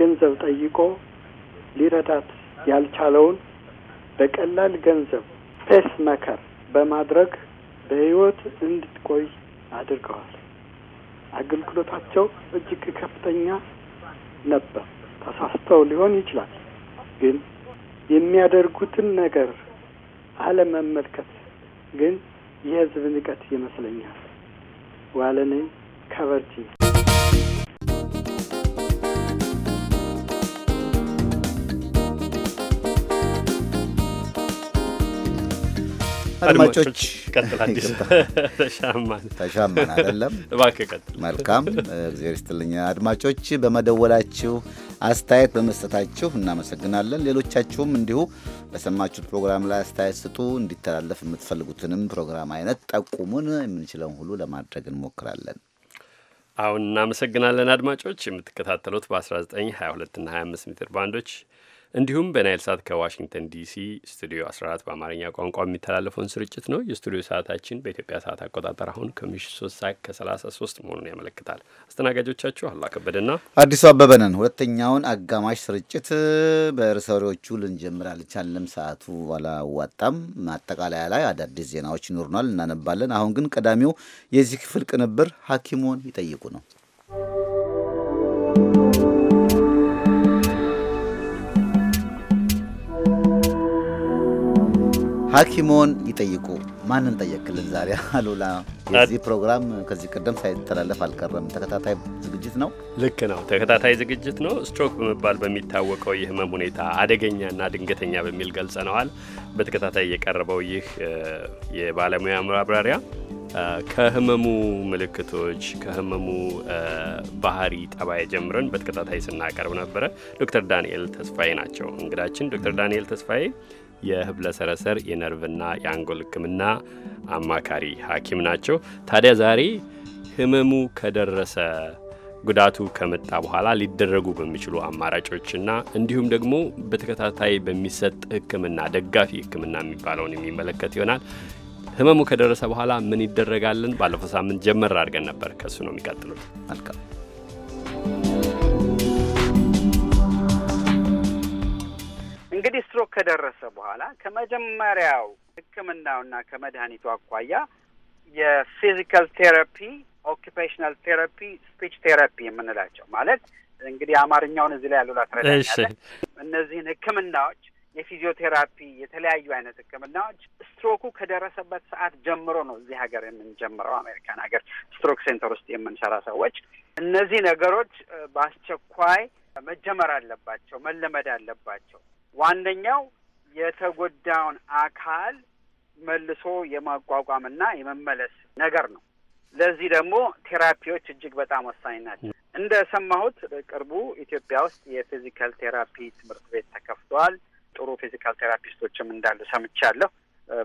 ገንዘብ ጠይቆ ሊረዳት ያልቻለውን በቀላል ገንዘብ ፔስ መከር በማድረግ በህይወት እንድትቆይ አድርገዋል። አገልግሎታቸው እጅግ ከፍተኛ ነበር። ተሳስተው ሊሆን ይችላል፣ ግን የሚያደርጉትን ነገር አለመመልከት ግን የሕዝብ ንቀት ይመስለኛል። ዋለኔ ከበርጂ አድማጮች ተሻማን አይደለም መልካም እግዚአብሔር ይስጥልኝ። አድማጮች በመደወላችሁ አስተያየት በመስጠታችሁ እናመሰግናለን። ሌሎቻችሁም እንዲሁ በሰማችሁት ፕሮግራም ላይ አስተያየት ስጡ። እንዲተላለፍ የምትፈልጉትንም ፕሮግራም አይነት ጠቁሙን። የምንችለውን ሁሉ ለማድረግ እንሞክራለን። አሁን እናመሰግናለን አድማጮች የምትከታተሉት በ19፣ 22 እና 25 ሜትር ባንዶች እንዲሁም በናይል ሳት ከዋሽንግተን ዲሲ ስቱዲዮ 14 በአማርኛ ቋንቋ የሚተላለፈውን ስርጭት ነው። የስቱዲዮ ሰዓታችን በኢትዮጵያ ሰዓት አቆጣጠር አሁን ከምሽቱ 3 ሰዓት ከ33 መሆኑን ያመለክታል። አስተናጋጆቻችሁ አሉላ ከበደና አዲሱ አበበነን ሁለተኛውን አጋማሽ ስርጭት በርሰሪዎቹ ልንጀምር አልቻለም። ሰዓቱ አላዋጣም። ማጠቃለያ ላይ አዳዲስ ዜናዎች ይኖሩናል፣ እናነባለን። አሁን ግን ቀዳሚው የዚህ ክፍል ቅንብር ሐኪሞን ይጠይቁ ነው። ሐኪሞን ይጠይቁ ማንን ጠየቅልን? ዛሬ አሉላ፣ የዚህ ፕሮግራም ከዚህ ቀደም ሳይተላለፍ አልቀረም። ተከታታይ ዝግጅት ነው። ልክ ነው፣ ተከታታይ ዝግጅት ነው። ስትሮክ በመባል በሚታወቀው የህመም ሁኔታ አደገኛና ድንገተኛ በሚል ገልጸነዋል። በተከታታይ የቀረበው ይህ የባለሙያ ማብራሪያ ከህመሙ ምልክቶች ከህመሙ ባህሪ ጠባይ ጀምረን በተከታታይ ስናቀርብ ነበረ። ዶክተር ዳንኤል ተስፋዬ ናቸው እንግዳችን። ዶክተር ዳንኤል ተስፋዬ የህብለ ሰረሰር የነርቭና የአንጎል ህክምና አማካሪ ሐኪም ናቸው። ታዲያ ዛሬ ህመሙ ከደረሰ ጉዳቱ ከመጣ በኋላ ሊደረጉ በሚችሉ አማራጮችና እንዲሁም ደግሞ በተከታታይ በሚሰጥ ህክምና ደጋፊ ህክምና የሚባለውን የሚመለከት ይሆናል። ህመሙ ከደረሰ በኋላ ምን ይደረጋልን? ባለፈው ሳምንት ጀመር አድርገን ነበር። ከሱ ነው የሚቀጥሉት። እንግዲህ ስትሮክ ከደረሰ በኋላ ከመጀመሪያው ህክምናውና ከመድኃኒቱ አኳያ የፊዚካል ቴራፒ፣ ኦኪፔሽናል ቴራፒ፣ ስፒች ቴራፒ የምንላቸው ማለት እንግዲህ አማርኛውን እዚህ ላይ ያሉላ ትረዳኛለህ። እነዚህን ህክምናዎች የፊዚዮቴራፒ የተለያዩ አይነት ህክምናዎች ስትሮኩ ከደረሰበት ሰዓት ጀምሮ ነው እዚህ ሀገር የምንጀምረው። አሜሪካን ሀገር ስትሮክ ሴንተር ውስጥ የምንሰራ ሰዎች እነዚህ ነገሮች በአስቸኳይ መጀመር አለባቸው፣ መለመድ አለባቸው። ዋነኛው የተጎዳውን አካል መልሶ የማቋቋምና የመመለስ ነገር ነው። ለዚህ ደግሞ ቴራፒዎች እጅግ በጣም ወሳኝ ናቸው። እንደ ሰማሁት ቅርቡ ኢትዮጵያ ውስጥ የፊዚካል ቴራፒ ትምህርት ቤት ተከፍተዋል። ጥሩ ፊዚካል ቴራፒስቶችም እንዳሉ ሰምቻለሁ።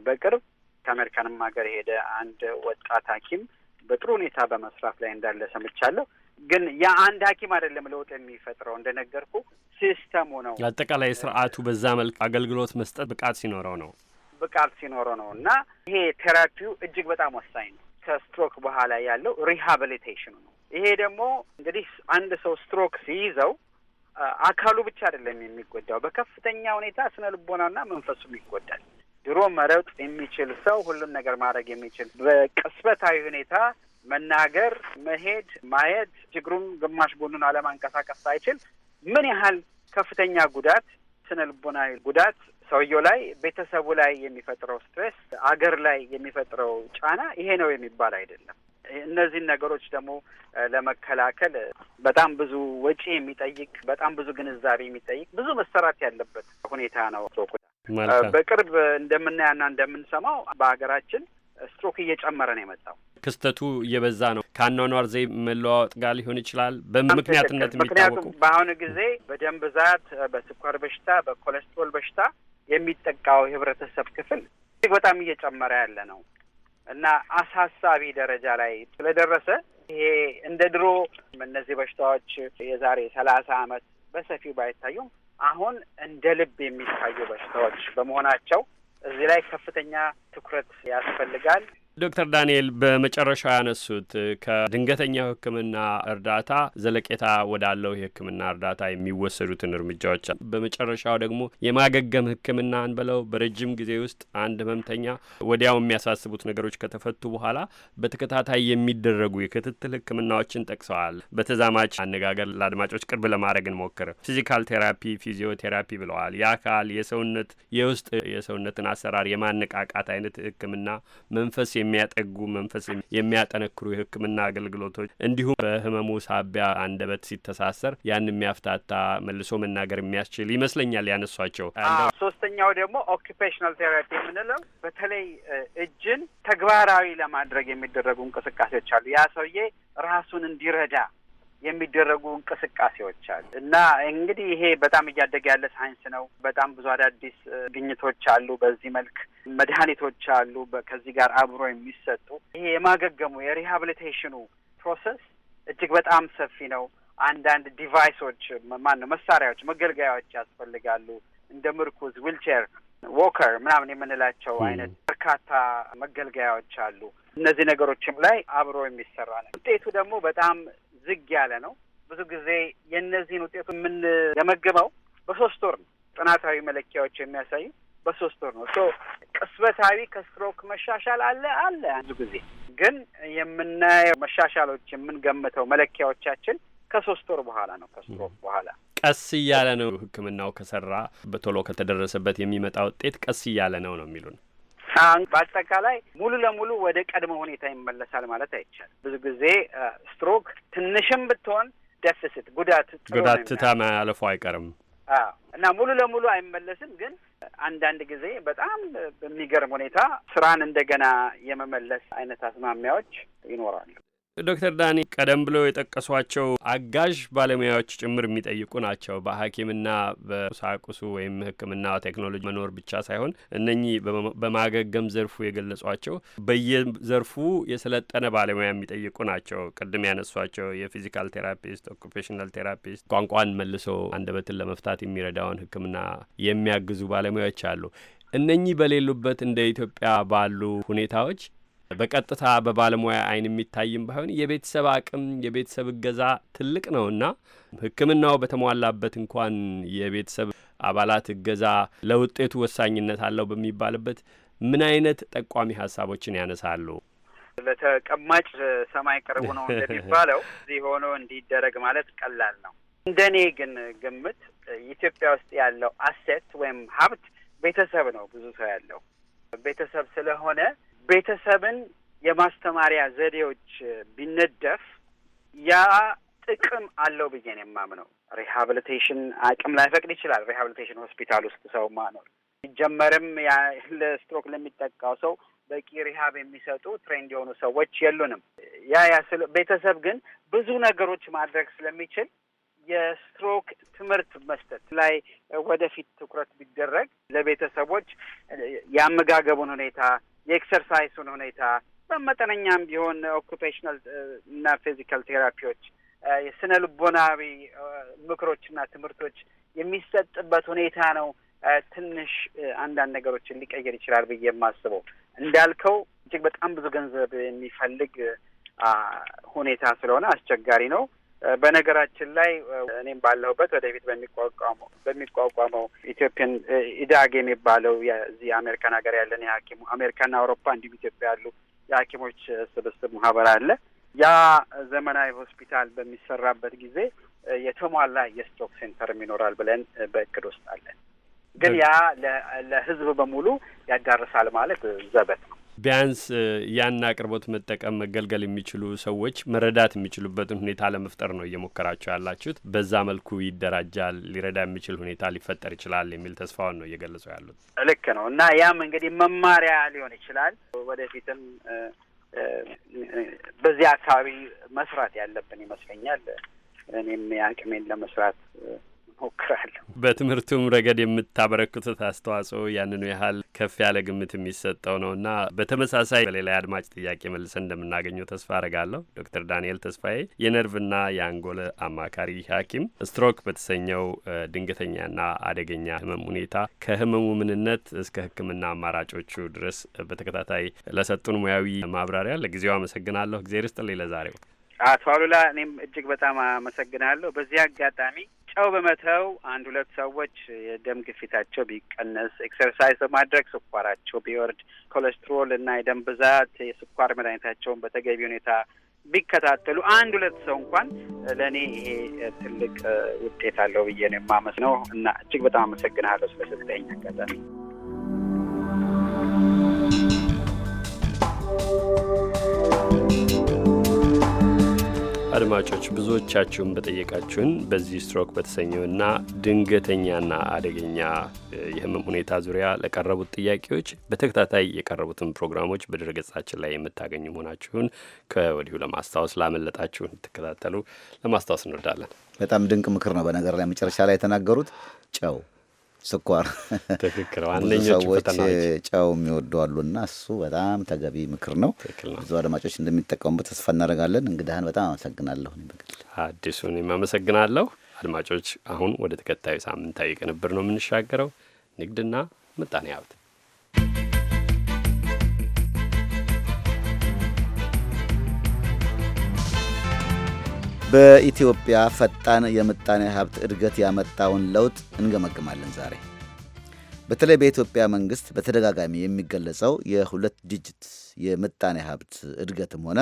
በቅርብ ከአሜሪካንም ሀገር የሄደ አንድ ወጣት ሐኪም በጥሩ ሁኔታ በመስራት ላይ እንዳለ ሰምቻለሁ። ግን የአንድ ሐኪም አይደለም ለውጥ የሚፈጥረው እንደነገርኩ ሲስተሙ ነው። አጠቃላይ ስርዓቱ በዛ መልክ አገልግሎት መስጠት ብቃት ሲኖረው ነው ብቃት ሲኖረው ነው። እና ይሄ ቴራፒው እጅግ በጣም ወሳኝ ነው። ከስትሮክ በኋላ ያለው ሪሃብሊቴሽኑ ነው። ይሄ ደግሞ እንግዲህ አንድ ሰው ስትሮክ ሲይዘው አካሉ ብቻ አይደለም የሚጎዳው፣ በከፍተኛ ሁኔታ ስነ ልቦናና መንፈሱም ይጎዳል። ድሮ መረጥ የሚችል ሰው ሁሉም ነገር ማድረግ የሚችል በቅስበታዊ ሁኔታ መናገር፣ መሄድ፣ ማየት ችግሩን ግማሽ ጎኑን አለማንቀሳቀስ ሳይችል ምን ያህል ከፍተኛ ጉዳት ስነ ልቦናዊ ጉዳት ሰውየው ላይ፣ ቤተሰቡ ላይ የሚፈጥረው ስትሬስ፣ አገር ላይ የሚፈጥረው ጫና ይሄ ነው የሚባል አይደለም። እነዚህን ነገሮች ደግሞ ለመከላከል በጣም ብዙ ወጪ የሚጠይቅ በጣም ብዙ ግንዛቤ የሚጠይቅ ብዙ መሰራት ያለበት ሁኔታ ነው። በቅርብ እንደምናያና እንደምንሰማው በሀገራችን ስትሮክ እየጨመረ ነው የመጣው። ክስተቱ እየበዛ ነው። ከአኗኗር ዘይ መለዋወጥ ጋር ሊሆን ይችላል። በምክንያትነት ምክንያቱም በአሁኑ ጊዜ በደም ብዛት፣ በስኳር በሽታ፣ በኮሌስትሮል በሽታ የሚጠቃው የህብረተሰብ ክፍል እጅግ በጣም እየጨመረ ያለ ነው እና አሳሳቢ ደረጃ ላይ ስለደረሰ ይሄ እንደ ድሮ እነዚህ በሽታዎች የዛሬ ሰላሳ አመት በሰፊው ባይታዩም አሁን እንደ ልብ የሚታዩ በሽታዎች በመሆናቸው እዚህ ላይ ከፍተኛ ትኩረት ያስፈልጋል። ዶክተር ዳንኤል በመጨረሻው ያነሱት ከድንገተኛ ሕክምና እርዳታ ዘለቄታ ወዳለው የሕክምና እርዳታ የሚወሰዱትን እርምጃዎች በመጨረሻው ደግሞ የማገገም ህክምናን ብለው በረጅም ጊዜ ውስጥ አንድ ህመምተኛ ወዲያው የሚያሳስቡት ነገሮች ከተፈቱ በኋላ በተከታታይ የሚደረጉ የክትትል ሕክምናዎችን ጠቅሰዋል። በተዛማች አነጋገር ለአድማጮች ቅርብ ለማድረግ እንሞክር። ፊዚካል ቴራፒ፣ ፊዚዮቴራፒ ብለዋል። የአካል የሰውነት የውስጥ የሰውነትን አሰራር የማነቃቃት አይነት ሕክምና መንፈስ የሚያጠጉ መንፈስ የሚያጠነክሩ የሕክምና አገልግሎቶች እንዲሁም በህመሙ ሳቢያ አንደበት ሲተሳሰር ያን የሚያፍታታ መልሶ መናገር የሚያስችል ይመስለኛል ያነሷቸው። ሶስተኛው ደግሞ ኦኪፔሽናል ቴራፒ የምንለው በተለይ እጅን ተግባራዊ ለማድረግ የሚደረጉ እንቅስቃሴዎች አሉ። ያ ሰውዬ ራሱን እንዲረዳ የሚደረጉ እንቅስቃሴዎች አሉ እና እንግዲህ ይሄ በጣም እያደገ ያለ ሳይንስ ነው። በጣም ብዙ አዳዲስ ግኝቶች አሉ። በዚህ መልክ መድኃኒቶች አሉ ከዚህ ጋር አብሮ የሚሰጡ ይሄ የማገገሙ የሪሃብሊቴሽኑ ፕሮሰስ እጅግ በጣም ሰፊ ነው። አንዳንድ ዲቫይሶች ማን ነው መሳሪያዎች፣ መገልገያዎች ያስፈልጋሉ እንደ ምርኩዝ፣ ዊልቸር፣ ዎከር ምናምን የምንላቸው አይነት በርካታ መገልገያዎች አሉ። እነዚህ ነገሮችም ላይ አብሮ የሚሰራ ነው። ውጤቱ ደግሞ በጣም ዝግ ያለ ነው። ብዙ ጊዜ የእነዚህን ውጤቱ የምንገመግመው በሶስት ወር ነው። ጥናታዊ መለኪያዎች የሚያሳዩ በሶስት ወር ነው። ሶ ቅስበታዊ ከስትሮክ መሻሻል አለ አለ ብዙ ጊዜ ግን የምናየው መሻሻሎች የምንገምተው መለኪያዎቻችን ከሶስት ወር በኋላ ነው ከስትሮክ በኋላ ቀስ እያለ ነው ሕክምናው ከሰራ በቶሎ ከተደረሰበት የሚመጣ ውጤት ቀስ እያለ ነው ነው የሚሉን በአጠቃላይ ሙሉ ለሙሉ ወደ ቀድሞ ሁኔታ ይመለሳል ማለት አይቻልም። ብዙ ጊዜ ስትሮክ ትንሽም ብትሆን ደፍስት ጉዳት ጉዳት ትታ ማለፉ አይቀርም እና ሙሉ ለሙሉ አይመለስም። ግን አንዳንድ ጊዜ በጣም በሚገርም ሁኔታ ስራን እንደገና የመመለስ አይነት አስማሚያዎች ይኖራሉ። ዶክተር ዳኒ ቀደም ብሎ የጠቀሷቸው አጋዥ ባለሙያዎች ጭምር የሚጠይቁ ናቸው። በሐኪምና በቁሳቁሱ ወይም ሕክምና ቴክኖሎጂ መኖር ብቻ ሳይሆን እነኚህ በማገገም ዘርፉ የገለጿቸው በየዘርፉ የሰለጠነ ባለሙያ የሚጠይቁ ናቸው። ቅድም ያነሷቸው የፊዚካል ቴራፒስት፣ ኦኩፔሽናል ቴራፒስት፣ ቋንቋን መልሶ አንደበትን ለመፍታት የሚረዳውን ሕክምና የሚያግዙ ባለሙያዎች አሉ። እነኚህ በሌሉበት እንደ ኢትዮጵያ ባሉ ሁኔታዎች በቀጥታ በባለሙያ አይን የሚታይም ባይሆን የቤተሰብ አቅም የቤተሰብ እገዛ ትልቅ ነውና ሕክምናው በተሟላበት እንኳን የቤተሰብ አባላት እገዛ ለውጤቱ ወሳኝነት አለው በሚባልበት ምን አይነት ጠቋሚ ሀሳቦችን ያነሳሉ? ለተቀማጭ ሰማይ ቅርቡ ነው እንደሚባለው፣ እዚህ ሆኖ እንዲደረግ ማለት ቀላል ነው። እንደኔ ግን ግምት ኢትዮጵያ ውስጥ ያለው አሴት ወይም ሀብት ቤተሰብ ነው። ብዙ ሰው ያለው ቤተሰብ ስለሆነ ቤተሰብን የማስተማሪያ ዘዴዎች ቢነደፍ ያ ጥቅም አለው ብዬ ነው የማምነው። ሪሃብሊቴሽን አቅም ላይፈቅድ ይችላል። ሪሃብሊቴሽን ሆስፒታል ውስጥ ሰው ማኖር ሲጀመርም ለስትሮክ ለሚጠቃው ሰው በቂ ሪሃብ የሚሰጡ ትሬንድ የሆኑ ሰዎች የሉንም። ያ ያ ቤተሰብ ግን ብዙ ነገሮች ማድረግ ስለሚችል የስትሮክ ትምህርት መስጠት ላይ ወደፊት ትኩረት ቢደረግ ለቤተሰቦች የአመጋገቡን ሁኔታ የኤክሰርሳይሱን ሁኔታ በመጠነኛም ቢሆን ኦኩፔሽናል እና ፊዚካል ቴራፒዎች የስነ ልቦናዊ ምክሮችና ትምህርቶች የሚሰጥበት ሁኔታ ነው። ትንሽ አንዳንድ ነገሮችን ሊቀየር ይችላል ብዬ የማስበው እንዳልከው እጅግ በጣም ብዙ ገንዘብ የሚፈልግ ሁኔታ ስለሆነ አስቸጋሪ ነው። በነገራችን ላይ እኔም ባለሁበት ወደፊት በሚቋቋመው በሚቋቋመው ኢትዮጵያን ኢዳግ የሚባለው እዚህ የአሜሪካን ሀገር ያለን የሐኪሙ አሜሪካና አውሮፓ እንዲሁም ኢትዮጵያ ያሉ የሐኪሞች ስብስብ ማህበር አለ። ያ ዘመናዊ ሆስፒታል በሚሰራበት ጊዜ የተሟላ የስቶክ ሴንተርም ይኖራል ብለን በእቅድ ውስጥ አለን። ግን ያ ለህዝብ በሙሉ ያዳርሳል ማለት ዘበት ነው። ቢያንስ ያን አቅርቦት መጠቀም መገልገል የሚችሉ ሰዎች መረዳት የሚችሉበትን ሁኔታ ለመፍጠር ነው እየሞከራቸው ያላችሁት። በዛ መልኩ ይደራጃል፣ ሊረዳ የሚችል ሁኔታ ሊፈጠር ይችላል የሚል ተስፋውን ነው እየገለጹ ያሉት። ልክ ነው እና ያም እንግዲህ መማሪያ ሊሆን ይችላል ወደፊትም በዚህ አካባቢ መስራት ያለብን ይመስለኛል። እኔም የአቅሜን ለመስራት ሞክራል። በትምህርቱም ረገድ የምታበረክቱት አስተዋጽኦ ያንኑ ያህል ከፍ ያለ ግምት የሚሰጠው ነው እና በተመሳሳይ በሌላ አድማጭ ጥያቄ መልሰን እንደምናገኘው ተስፋ አረጋለሁ። ዶክተር ዳንኤል ተስፋዬ የነርቭና የአንጎል አማካሪ ሐኪም ስትሮክ በተሰኘው ድንገተኛና አደገኛ ህመም ሁኔታ ከህመሙ ምንነት እስከ ሕክምና አማራጮቹ ድረስ በተከታታይ ለሰጡን ሙያዊ ማብራሪያ ለጊዜው አመሰግናለሁ። እግዜር ይስጥልኝ። ለዛሬው አቶ አሉላ እኔም እጅግ በጣም አመሰግናለሁ። በዚህ አጋጣሚ ጨው በመተው አንድ ሁለት ሰዎች የደም ግፊታቸው ቢቀነስ፣ ኤክሰርሳይዝ በማድረግ ስኳራቸው ቢወርድ፣ ኮሌስትሮል እና የደም ብዛት፣ የስኳር መድኃኒታቸውን በተገቢ ሁኔታ ቢከታተሉ አንድ ሁለት ሰው እንኳን ለእኔ ይሄ ትልቅ ውጤት አለው ብዬ ነው የማመስ ነው እና እጅግ በጣም አመሰግናለሁ ስለሰጠኝ አጋጣሚ። አድማጮች ብዙዎቻችሁን በጠየቃችሁን በዚህ ስትሮክ በተሰኘውና ድንገተኛና አደገኛ የህመም ሁኔታ ዙሪያ ለቀረቡት ጥያቄዎች በተከታታይ የቀረቡትን ፕሮግራሞች በድረገጻችን ላይ የምታገኙ መሆናችሁን ከወዲሁ ለማስታወስ ላመለጣችሁ እንድትከታተሉ ለማስታወስ እንወዳለን። በጣም ድንቅ ምክር ነው። በነገር ላይ መጨረሻ ላይ የተናገሩት ጨው ስኳር ትክክል። ሰዎች ጨው የሚወዱ አሉና እሱ በጣም ተገቢ ምክር ነው። ብዙ አድማጮች እንደሚጠቀሙበት ተስፋ እናደርጋለን። እንግዳህን በጣም አመሰግናለሁ። አዲሱ አዲሱን አመሰግናለሁ። አድማጮች አሁን ወደ ተከታዩ ሳምንታዊ ቅንብር ነው የምንሻገረው፣ ንግድና ምጣኔ ሀብት በኢትዮጵያ ፈጣን የምጣኔ ሀብት እድገት ያመጣውን ለውጥ እንገመግማለን። ዛሬ በተለይ በኢትዮጵያ መንግስት በተደጋጋሚ የሚገለጸው የሁለት ዲጂት የምጣኔ ሀብት እድገትም ሆነ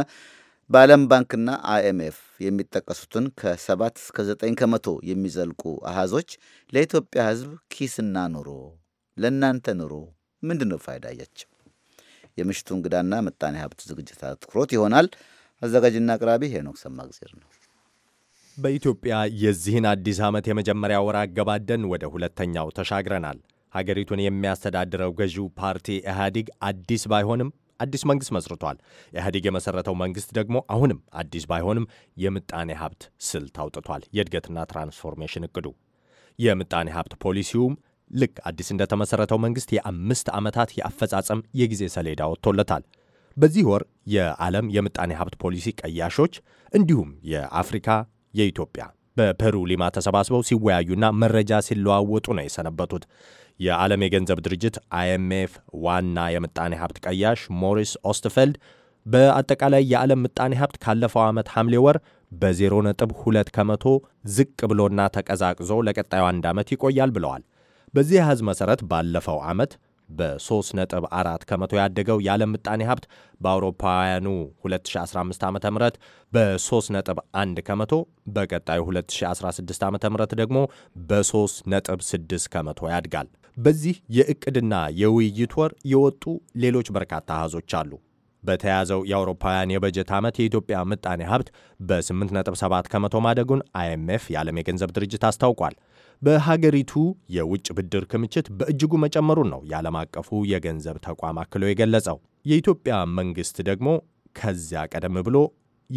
በዓለም ባንክና አይኤምኤፍ የሚጠቀሱትን ከሰባት እስከ ዘጠኝ ከመቶ የሚዘልቁ አሃዞች ለኢትዮጵያ ሕዝብ ኪስና ኑሮ ለእናንተ ኑሮ ምንድን ነው ፋይዳያቸው? የምሽቱ እንግዳና ምጣኔ ሀብት ዝግጅት አትኩሮት ይሆናል። አዘጋጅና አቅራቢ ሄኖክ ሰማግዜር ነው። በኢትዮጵያ የዚህን አዲስ ዓመት የመጀመሪያ ወር አገባደን ወደ ሁለተኛው ተሻግረናል። ሀገሪቱን የሚያስተዳድረው ገዢው ፓርቲ ኢህአዲግ አዲስ ባይሆንም አዲስ መንግሥት መስርቷል። ኢህአዲግ የመሠረተው መንግሥት ደግሞ አሁንም አዲስ ባይሆንም የምጣኔ ሀብት ስልት አውጥቷል። የእድገትና ትራንስፎርሜሽን እቅዱ የምጣኔ ሀብት ፖሊሲውም ልክ አዲስ እንደተመሠረተው መንግሥት የአምስት ዓመታት የአፈጻጸም የጊዜ ሰሌዳ ወጥቶለታል። በዚህ ወር የዓለም የምጣኔ ሀብት ፖሊሲ ቀያሾች እንዲሁም የአፍሪካ የኢትዮጵያ በፐሩ ሊማ ተሰባስበው ሲወያዩና መረጃ ሲለዋወጡ ነው የሰነበቱት። የዓለም የገንዘብ ድርጅት አይኤምኤፍ ዋና የምጣኔ ሀብት ቀያሽ ሞሪስ ኦስትፌልድ በአጠቃላይ የዓለም ምጣኔ ሀብት ካለፈው ዓመት ሐምሌ ወር በ02 ከመቶ ዝቅ ብሎና ተቀዛቅዞ ለቀጣዩ አንድ ዓመት ይቆያል ብለዋል። በዚህ አሃዝ መሠረት ባለፈው ዓመት በ3.4 ከመቶ ያደገው የዓለም ምጣኔ ሀብት በአውሮፓውያኑ 2015 ዓ ም በ3.1 ከመቶ በቀጣዩ 2016 ዓ ም ደግሞ በ3.6 ከመቶ ያድጋል። በዚህ የእቅድና የውይይት ወር የወጡ ሌሎች በርካታ አሃዞች አሉ። በተያዘው የአውሮፓውያን የበጀት ዓመት የኢትዮጵያ ምጣኔ ሀብት በ8.7 ከመቶ ማደጉን አይኤምኤፍ የዓለም የገንዘብ ድርጅት አስታውቋል። በሀገሪቱ የውጭ ብድር ክምችት በእጅጉ መጨመሩን ነው የዓለም አቀፉ የገንዘብ ተቋም አክሎ የገለጸው። የኢትዮጵያ መንግስት ደግሞ ከዚያ ቀደም ብሎ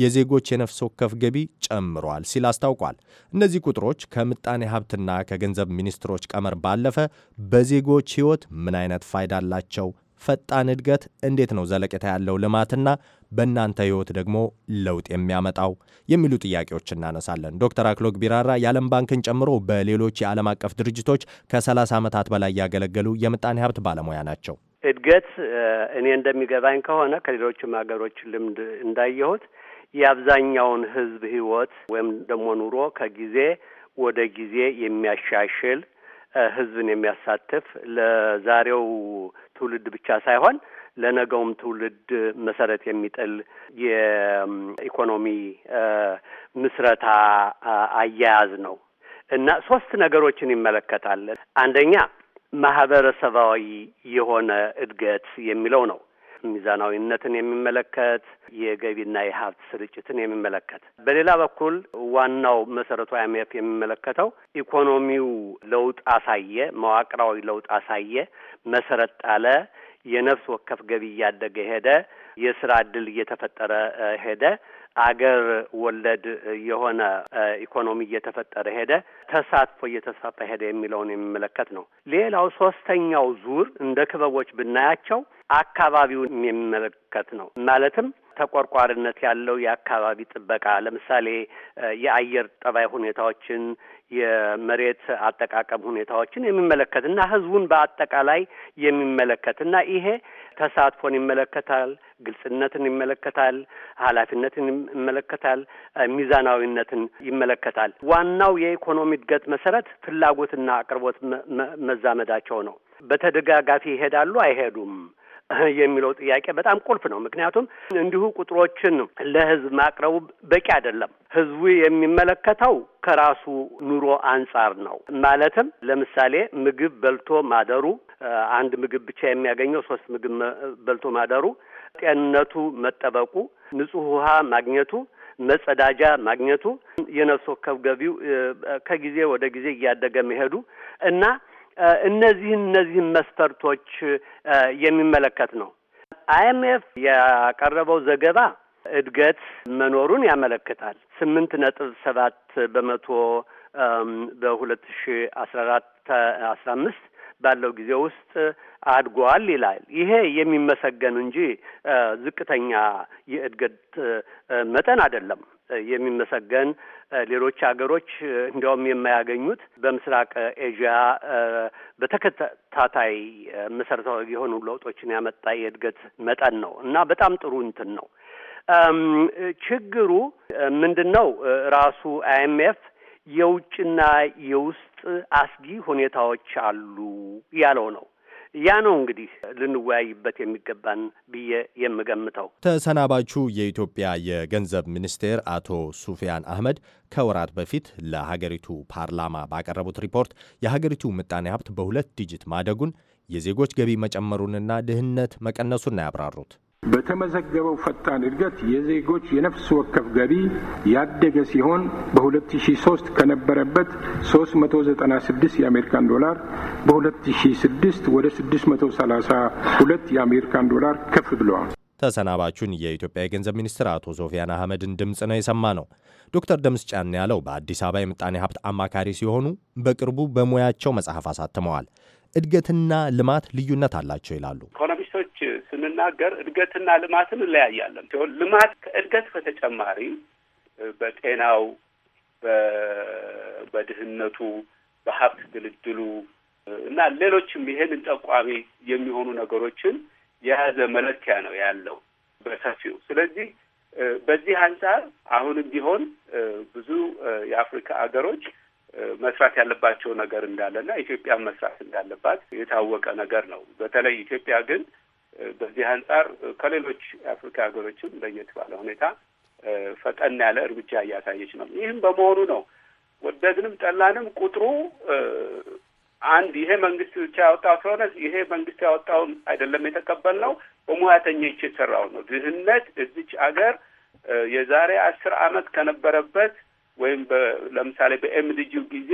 የዜጎች የነፍስ ወከፍ ገቢ ጨምሯል ሲል አስታውቋል። እነዚህ ቁጥሮች ከምጣኔ ሀብትና ከገንዘብ ሚኒስትሮች ቀመር ባለፈ በዜጎች ሕይወት ምን አይነት ፋይዳ አላቸው ፈጣን እድገት እንዴት ነው ዘለቄታ ያለው ልማትና በእናንተ ህይወት ደግሞ ለውጥ የሚያመጣው የሚሉ ጥያቄዎች እናነሳለን። ዶክተር አክሎግ ቢራራ የዓለም ባንክን ጨምሮ በሌሎች የዓለም አቀፍ ድርጅቶች ከ30 ዓመታት በላይ ያገለገሉ የምጣኔ ሀብት ባለሙያ ናቸው። እድገት እኔ እንደሚገባኝ ከሆነ ከሌሎችም ሀገሮች ልምድ እንዳየሁት የአብዛኛውን ህዝብ ህይወት ወይም ደግሞ ኑሮ ከጊዜ ወደ ጊዜ የሚያሻሽል ህዝብን የሚያሳትፍ ለዛሬው ትውልድ ብቻ ሳይሆን ለነገውም ትውልድ መሰረት የሚጥል የኢኮኖሚ ምስረታ አያያዝ ነው እና ሶስት ነገሮችን ይመለከታል። አንደኛ ማህበረሰባዊ የሆነ እድገት የሚለው ነው። ሚዛናዊነትን የሚመለከት የገቢና የሀብት ስርጭትን የሚመለከት በሌላ በኩል ዋናው መሰረቱ አይምኤፍ የሚመለከተው ኢኮኖሚው ለውጥ አሳየ፣ መዋቅራዊ ለውጥ አሳየ፣ መሰረት ጣለ፣ የነፍስ ወከፍ ገቢ እያደገ ሄደ፣ የስራ እድል እየተፈጠረ ሄደ አገር ወለድ የሆነ ኢኮኖሚ እየተፈጠረ ሄደ፣ ተሳትፎ እየተስፋፋ ሄደ የሚለውን የሚመለከት ነው። ሌላው ሶስተኛው ዙር እንደ ክበቦች ብናያቸው አካባቢውን የሚመለከት ነው። ማለትም ተቆርቋሪነት ያለው የአካባቢ ጥበቃ ለምሳሌ የአየር ጠባይ ሁኔታዎችን የመሬት አጠቃቀም ሁኔታዎችን የሚመለከትና ህዝቡን በአጠቃላይ የሚመለከትና ይሄ ተሳትፎን ይመለከታል፣ ግልጽነትን ይመለከታል፣ ኃላፊነትን ይመለከታል፣ ሚዛናዊነትን ይመለከታል። ዋናው የኢኮኖሚ እድገት መሰረት ፍላጎትና አቅርቦት መዛመዳቸው ነው። በተደጋጋፊ ይሄዳሉ አይሄዱም የሚለው ጥያቄ በጣም ቁልፍ ነው። ምክንያቱም እንዲሁ ቁጥሮችን ለህዝብ ማቅረቡ በቂ አይደለም። ህዝቡ የሚመለከተው ከራሱ ኑሮ አንጻር ነው። ማለትም ለምሳሌ ምግብ በልቶ ማደሩ፣ አንድ ምግብ ብቻ የሚያገኘው ሶስት ምግብ በልቶ ማደሩ፣ ጤንነቱ መጠበቁ፣ ንጹህ ውሃ ማግኘቱ መጸዳጃ ማግኘቱ የነፍስ ወከፍ ገቢው ከጊዜ ወደ ጊዜ እያደገ መሄዱ እና እነዚህን እነዚህን መስፈርቶች የሚመለከት ነው። አይኤምኤፍ ያቀረበው ዘገባ እድገት መኖሩን ያመለክታል። ስምንት ነጥብ ሰባት በመቶ በሁለት ሺ አስራ አራት አስራ አምስት ባለው ጊዜ ውስጥ አድጓል ይላል። ይሄ የሚመሰገን እንጂ ዝቅተኛ የእድገት መጠን አይደለም። የሚመሰገን ሌሎች ሀገሮች እንዲያውም የማያገኙት በምስራቅ ኤዥያ በተከታታይ መሰረታዊ የሆኑ ለውጦችን ያመጣ የእድገት መጠን ነው እና በጣም ጥሩ እንትን ነው። ችግሩ ምንድን ነው? ራሱ አይኤምኤፍ የውጭና የውስጥ አስጊ ሁኔታዎች አሉ ያለው ነው። ያ ነው እንግዲህ ልንወያይበት የሚገባን ብዬ የምገምተው። ተሰናባቹ የኢትዮጵያ የገንዘብ ሚኒስቴር አቶ ሱፊያን አህመድ ከወራት በፊት ለሀገሪቱ ፓርላማ ባቀረቡት ሪፖርት የሀገሪቱ ምጣኔ ሀብት በሁለት ዲጂት ማደጉን የዜጎች ገቢ መጨመሩንና ድህነት መቀነሱን ያብራሩት። በተመዘገበው ፈጣን እድገት የዜጎች የነፍስ ወከፍ ገቢ ያደገ ሲሆን በ2003 ከነበረበት 396 የአሜሪካን ዶላር በ2006 ወደ 632 የአሜሪካን ዶላር ከፍ ብለዋል። ተሰናባቹን የኢትዮጵያ የገንዘብ ሚኒስትር አቶ ሶፊያን አህመድን ድምፅ ነው የሰማ ነው። ዶክተር ደምስ ጫን ያለው በአዲስ አበባ የምጣኔ ሀብት አማካሪ ሲሆኑ በቅርቡ በሙያቸው መጽሐፍ አሳትመዋል። እድገትና ልማት ልዩነት አላቸው ይላሉ። ስንናገር እድገትና ልማትን እንለያያለን ሲሆን ልማት ከእድገት በተጨማሪ በጤናው፣ በድህነቱ፣ በሀብት ድልድሉ እና ሌሎችም ይሄንን ጠቋሚ የሚሆኑ ነገሮችን የያዘ መለኪያ ነው ያለው በሰፊው። ስለዚህ በዚህ አንጻር አሁንም ቢሆን ብዙ የአፍሪካ ሀገሮች መስራት ያለባቸው ነገር እንዳለና ኢትዮጵያ መስራት እንዳለባት የታወቀ ነገር ነው። በተለይ ኢትዮጵያ ግን በዚህ አንጻር ከሌሎች የአፍሪካ ሀገሮችም ለየት ባለ ሁኔታ ፈጠን ያለ እርምጃ እያሳየች ነው። ይህም በመሆኑ ነው ወደድንም ጠላንም ቁጥሩ አንድ ይሄ መንግስት ብቻ ያወጣው ስለሆነ ይሄ መንግስት ያወጣውን አይደለም የተቀበልነው፣ በሙያተኞች የተሰራው ነው። ድህነት እዚች አገር የዛሬ አስር አመት ከነበረበት ወይም ለምሳሌ በኤምዲጂው ጊዜ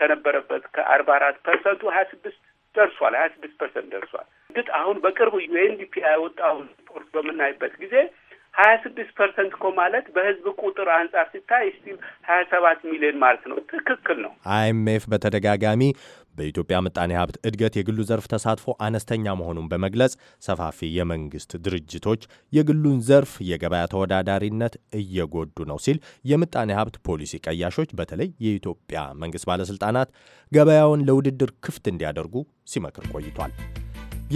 ከነበረበት ከአርባ አራት ፐርሰንቱ ሀያ ስድስት ደርሷል። ሀያ ስድስት ፐርሰንት ደርሷል። እርግጥ አሁን በቅርቡ ዩኤንዲፒ ያወጣውን ሪፖርት በምናይበት ጊዜ ሀያ ስድስት ፐርሰንት እኮ ማለት በህዝብ ቁጥር አንጻር ሲታይ ስቲል ሀያ ሰባት ሚሊዮን ማለት ነው። ትክክል ነው። አይኤምኤፍ በተደጋጋሚ በኢትዮጵያ ምጣኔ ሀብት እድገት የግሉ ዘርፍ ተሳትፎ አነስተኛ መሆኑን በመግለጽ ሰፋፊ የመንግስት ድርጅቶች የግሉን ዘርፍ የገበያ ተወዳዳሪነት እየጎዱ ነው ሲል የምጣኔ ሀብት ፖሊሲ ቀያሾች በተለይ የኢትዮጵያ መንግስት ባለስልጣናት ገበያውን ለውድድር ክፍት እንዲያደርጉ ሲመክር ቆይቷል።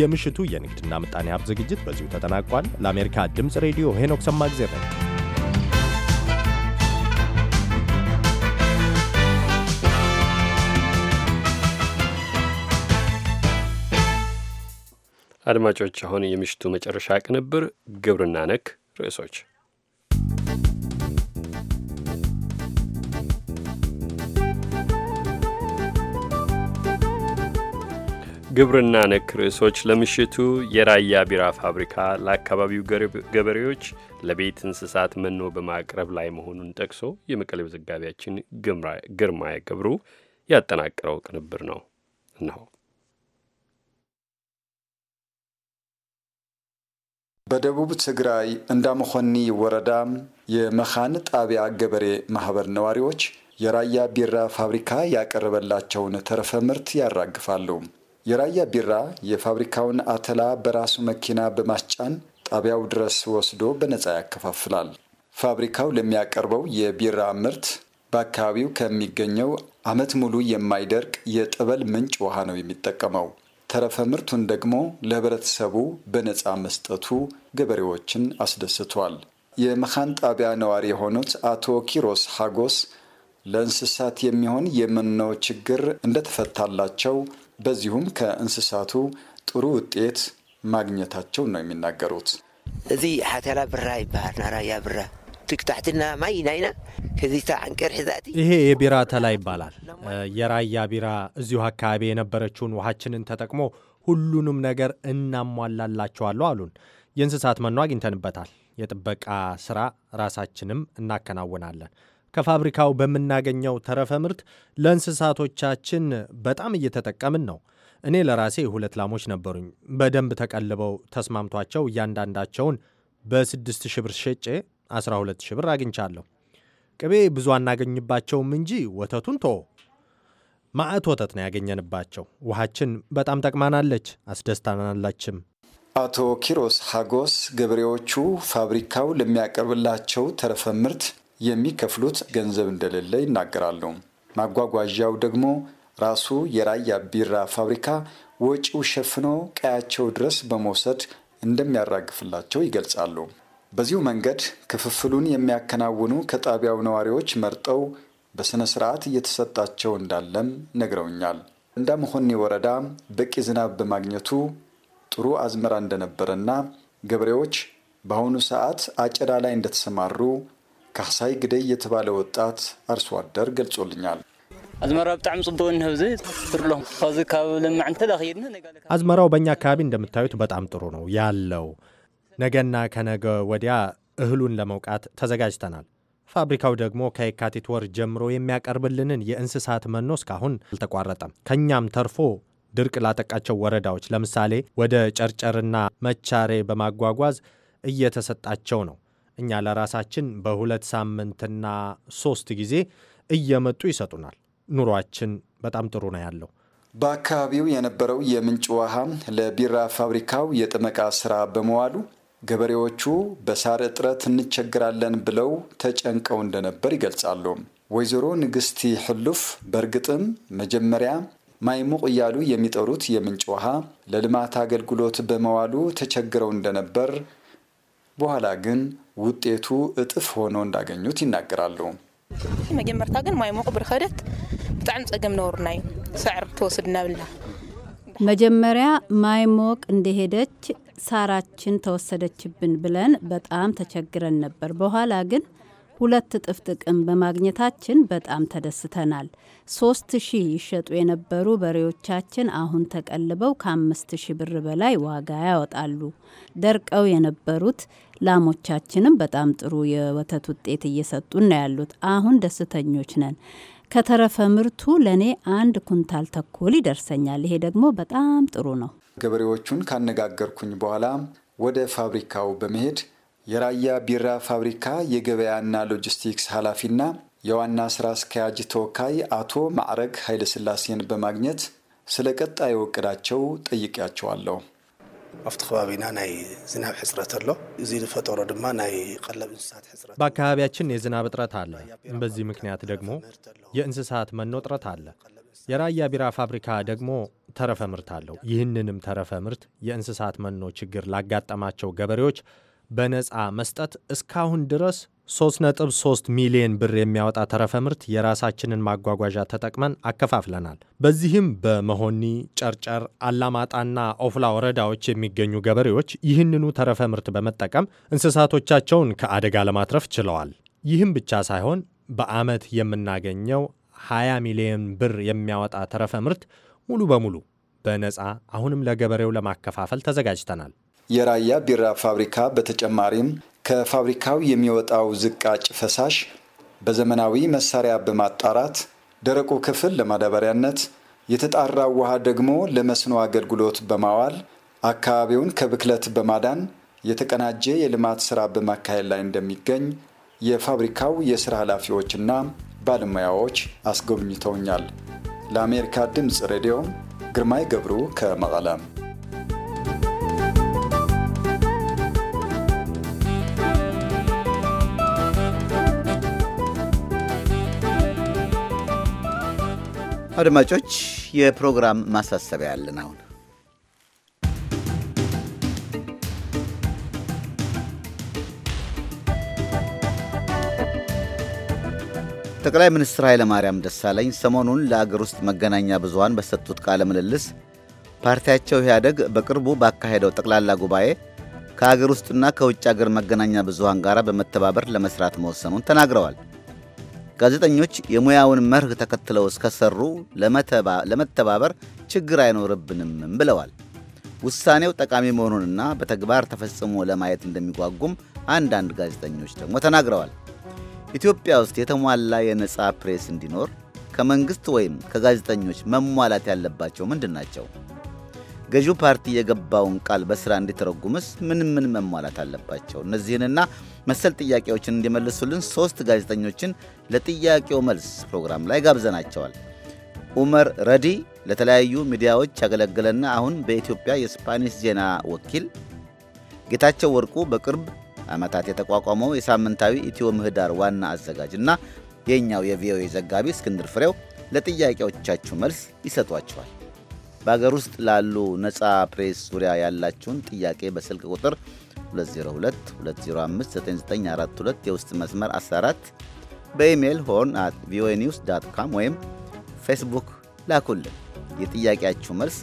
የምሽቱ የንግድና ምጣኔ ሀብት ዝግጅት በዚሁ ተጠናቋል። ለአሜሪካ ድምፅ ሬዲዮ ሄኖክ ሰማግዜር ነው። አድማጮች፣ አሁን የምሽቱ መጨረሻ ቅንብር ግብርና ነክ ርዕሶች ግብርና ነክ ርዕሶች ለምሽቱ የራያ ቢራ ፋብሪካ ለአካባቢው ገበሬዎች ለቤት እንስሳት መኖ በማቅረብ ላይ መሆኑን ጠቅሶ የመቀሌው ዘጋቢያችን ግርማ ገብሩ ያጠናቀረው ቅንብር ነው ነው። በደቡብ ትግራይ እንዳመኾኒ ወረዳ የመኻን ጣቢያ ገበሬ ማህበር ነዋሪዎች የራያ ቢራ ፋብሪካ ያቀረበላቸውን ተረፈ ምርት ያራግፋሉ። የራያ ቢራ የፋብሪካውን አተላ በራሱ መኪና በማስጫን ጣቢያው ድረስ ወስዶ በነፃ ያከፋፍላል። ፋብሪካው ለሚያቀርበው የቢራ ምርት በአካባቢው ከሚገኘው ዓመት ሙሉ የማይደርቅ የጠበል ምንጭ ውሃ ነው የሚጠቀመው። ተረፈ ምርቱን ደግሞ ለህብረተሰቡ በነፃ መስጠቱ ገበሬዎችን አስደስቷል። የመኻን ጣቢያ ነዋሪ የሆኑት አቶ ኪሮስ ሀጎስ ለእንስሳት የሚሆን የመኖ ችግር እንደተፈታላቸው በዚሁም ከእንስሳቱ ጥሩ ውጤት ማግኘታቸው ነው የሚናገሩት። እዚ ሓተላ ብራ ይበሃል ናራያ ብራ ይሄ የቢራ ተላ ይባላል። የራያ ቢራ እዚሁ አካባቢ የነበረችውን ውሃችንን ተጠቅሞ ሁሉንም ነገር እናሟላላቸዋለሁ አሉን። የእንስሳት መኖ አግኝተንበታል። የጥበቃ ስራ ራሳችንም እናከናውናለን። ከፋብሪካው በምናገኘው ተረፈ ምርት ለእንስሳቶቻችን በጣም እየተጠቀምን ነው። እኔ ለራሴ ሁለት ላሞች ነበሩኝ። በደንብ ተቀልበው ተስማምቷቸው እያንዳንዳቸውን በስድስት ሺህ ብር ሸጬ 12 ሺ ብር አግኝቻለሁ። ቅቤ ብዙ አናገኝባቸውም እንጂ ወተቱን ቶ ማዕት ወተት ነው ያገኘንባቸው። ውሃችን በጣም ጠቅማናለች፣ አስደስታናላችም። አቶ ኪሮስ ሀጎስ ገበሬዎቹ ፋብሪካው ለሚያቀርብላቸው ተረፈ ምርት የሚከፍሉት ገንዘብ እንደሌለ ይናገራሉ። ማጓጓዣው ደግሞ ራሱ የራያ ቢራ ፋብሪካ ወጪው ሸፍኖ ቀያቸው ድረስ በመውሰድ እንደሚያራግፍላቸው ይገልጻሉ። በዚሁ መንገድ ክፍፍሉን የሚያከናውኑ ከጣቢያው ነዋሪዎች መርጠው በሥነ ሥርዓት እየተሰጣቸው እንዳለም ነግረውኛል። መሆኒ ወረዳ በቂ ዝናብ በማግኘቱ ጥሩ አዝመራ እንደነበረና ገበሬዎች በአሁኑ ሰዓት አጨዳ ላይ እንደተሰማሩ ካሳይ ግደይ የተባለ ወጣት አርሶ አደር ገልጾልኛል። አዝመራ ብጣዕሚ ጽቡቅ እንህብዚ ትርሎ ካብዚ ካብ ለማዕ እንተዳኺድና አዝመራው በእኛ አካባቢ እንደምታዩት በጣም ጥሩ ነው ያለው ነገና ከነገ ወዲያ እህሉን ለመውቃት ተዘጋጅተናል። ፋብሪካው ደግሞ ከየካቲት ወር ጀምሮ የሚያቀርብልንን የእንስሳት መኖ እስካሁን አልተቋረጠም። ከእኛም ተርፎ ድርቅ ላጠቃቸው ወረዳዎች ለምሳሌ ወደ ጨርጨርና መቻሬ በማጓጓዝ እየተሰጣቸው ነው። እኛ ለራሳችን በሁለት ሳምንትና ሶስት ጊዜ እየመጡ ይሰጡናል። ኑሯችን በጣም ጥሩ ነው ያለው። በአካባቢው የነበረው የምንጭ ውሃ ለቢራ ፋብሪካው የጥመቃ ስራ በመዋሉ ገበሬዎቹ በሳር እጥረት እንቸግራለን ብለው ተጨንቀው እንደነበር ይገልጻሉ። ወይዘሮ ንግስቲ ሕሉፍ በእርግጥም መጀመሪያ ማይሙቅ እያሉ የሚጠሩት የምንጭ ውሃ ለልማት አገልግሎት በመዋሉ ተቸግረው እንደነበር፣ በኋላ ግን ውጤቱ እጥፍ ሆኖ እንዳገኙት ይናገራሉ። መጀመርታ ግን ማይሙቅ ብርከደት ብጣዕሚ ፀገም ነበርና እዩ ሳዕር ተወስድና ብላ መጀመሪያ ማይሞቅ እንደሄደች ሳራችን ተወሰደችብን ብለን በጣም ተቸግረን ነበር። በኋላ ግን ሁለት እጥፍ ጥቅም በማግኘታችን በጣም ተደስተናል። ሶስት ሺህ ይሸጡ የነበሩ በሬዎቻችን አሁን ተቀልበው ከአምስት ሺህ ብር በላይ ዋጋ ያወጣሉ። ደርቀው የነበሩት ላሞቻችንም በጣም ጥሩ የወተት ውጤት እየሰጡን ነው ያሉት። አሁን ደስተኞች ነን። ከተረፈ ምርቱ ለእኔ አንድ ኩንታል ተኩል ይደርሰኛል። ይሄ ደግሞ በጣም ጥሩ ነው። ገበሬዎቹን ካነጋገርኩኝ በኋላ ወደ ፋብሪካው በመሄድ የራያ ቢራ ፋብሪካ የገበያና ሎጂስቲክስ ኃላፊና የዋና ስራ አስኪያጅ ተወካይ አቶ ማዕረግ ኃይለስላሴን በማግኘት ስለ ቀጣይ እቅዳቸው ጠይቄያቸዋለሁ። ኣብቲ ከባቢና ናይ ዝናብ ሕፅረት ኣሎ እዚ ዝፈጠሮ ድማ ናይ ቀለብ እንስሳት ሕፅረት። በአካባቢያችን የዝናብ እጥረት አለ። በዚህ ምክንያት ደግሞ የእንስሳት መኖ እጥረት አለ። የራያ ቢራ ፋብሪካ ደግሞ ተረፈ ምርት አለው። ይህንንም ተረፈ ምርት የእንስሳት መኖ ችግር ላጋጠማቸው ገበሬዎች በነፃ መስጠት እስካሁን ድረስ 3.3 ሚሊዮን ብር የሚያወጣ ተረፈ ምርት የራሳችንን ማጓጓዣ ተጠቅመን አከፋፍለናል። በዚህም በመሆኒ፣ ጨርጨር፣ አላማጣና ኦፍላ ወረዳዎች የሚገኙ ገበሬዎች ይህንኑ ተረፈ ምርት በመጠቀም እንስሳቶቻቸውን ከአደጋ ለማትረፍ ችለዋል። ይህም ብቻ ሳይሆን በዓመት የምናገኘው 20 ሚሊዮን ብር የሚያወጣ ተረፈ ምርት ሙሉ በሙሉ በነፃ አሁንም ለገበሬው ለማከፋፈል ተዘጋጅተናል። የራያ ቢራ ፋብሪካ በተጨማሪም ከፋብሪካው የሚወጣው ዝቃጭ ፈሳሽ በዘመናዊ መሳሪያ በማጣራት ደረቁ ክፍል ለማዳበሪያነት፣ የተጣራው ውሃ ደግሞ ለመስኖ አገልግሎት በማዋል አካባቢውን ከብክለት በማዳን የተቀናጀ የልማት ስራ በማካሄድ ላይ እንደሚገኝ የፋብሪካው የስራ ኃላፊዎችና ባለሙያዎች አስጎብኝተውኛል። ለአሜሪካ ድምፅ ሬዲዮ ግርማይ ገብሩ ከመቐለም አድማጮች የፕሮግራም ማሳሰቢያ ያለን አሁን ጠቅላይ ሚኒስትር ማርያም ደሳለኝ ሰሞኑን ለአገር ውስጥ መገናኛ ብዙሃን በሰጡት ቃለ ምልልስ ፓርቲያቸው ኢህአደግ በቅርቡ ባካሄደው ጠቅላላ ጉባኤ ከአገር ውስጥና ከውጭ አገር መገናኛ ብዙሃን ጋር በመተባበር ለመስራት መወሰኑን ተናግረዋል። ጋዜጠኞች የሙያውን መርህ ተከትለው እስከሰሩ ለመተባበር ችግር አይኖርብንም ብለዋል። ውሳኔው ጠቃሚ መሆኑንና በተግባር ተፈጽሞ ለማየት እንደሚጓጉም አንዳንድ ጋዜጠኞች ደግሞ ተናግረዋል። ኢትዮጵያ ውስጥ የተሟላ የነጻ ፕሬስ እንዲኖር ከመንግሥት ወይም ከጋዜጠኞች መሟላት ያለባቸው ምንድን ናቸው? ገዢው ፓርቲ የገባውን ቃል በሥራ እንዲተረጉምስ ምን ምን መሟላት አለባቸው? እነዚህንና መሰል ጥያቄዎችን እንዲመልሱልን ሦስት ጋዜጠኞችን ለጥያቄው መልስ ፕሮግራም ላይ ጋብዘናቸዋል። ኡመር ረዲ ለተለያዩ ሚዲያዎች ያገለገለና አሁን በኢትዮጵያ የስፓኒሽ ዜና ወኪል፣ ጌታቸው ወርቁ በቅርብ ዓመታት የተቋቋመው የሳምንታዊ ኢትዮ ምህዳር ዋና አዘጋጅና የእኛው የቪኦኤ ዘጋቢ እስክንድር ፍሬው ለጥያቄዎቻችሁ መልስ ይሰጧቸዋል። በአገር ውስጥ ላሉ ነፃ ፕሬስ ዙሪያ ያላችሁን ጥያቄ በስልክ ቁጥር 2022059942 የውስጥ መስመር 14 በኢሜይል ሆን አት ቪኦኤ ኒውስ ዳት ካም ወይም ፌስቡክ ላኩልን። የጥያቄያችሁ መልስ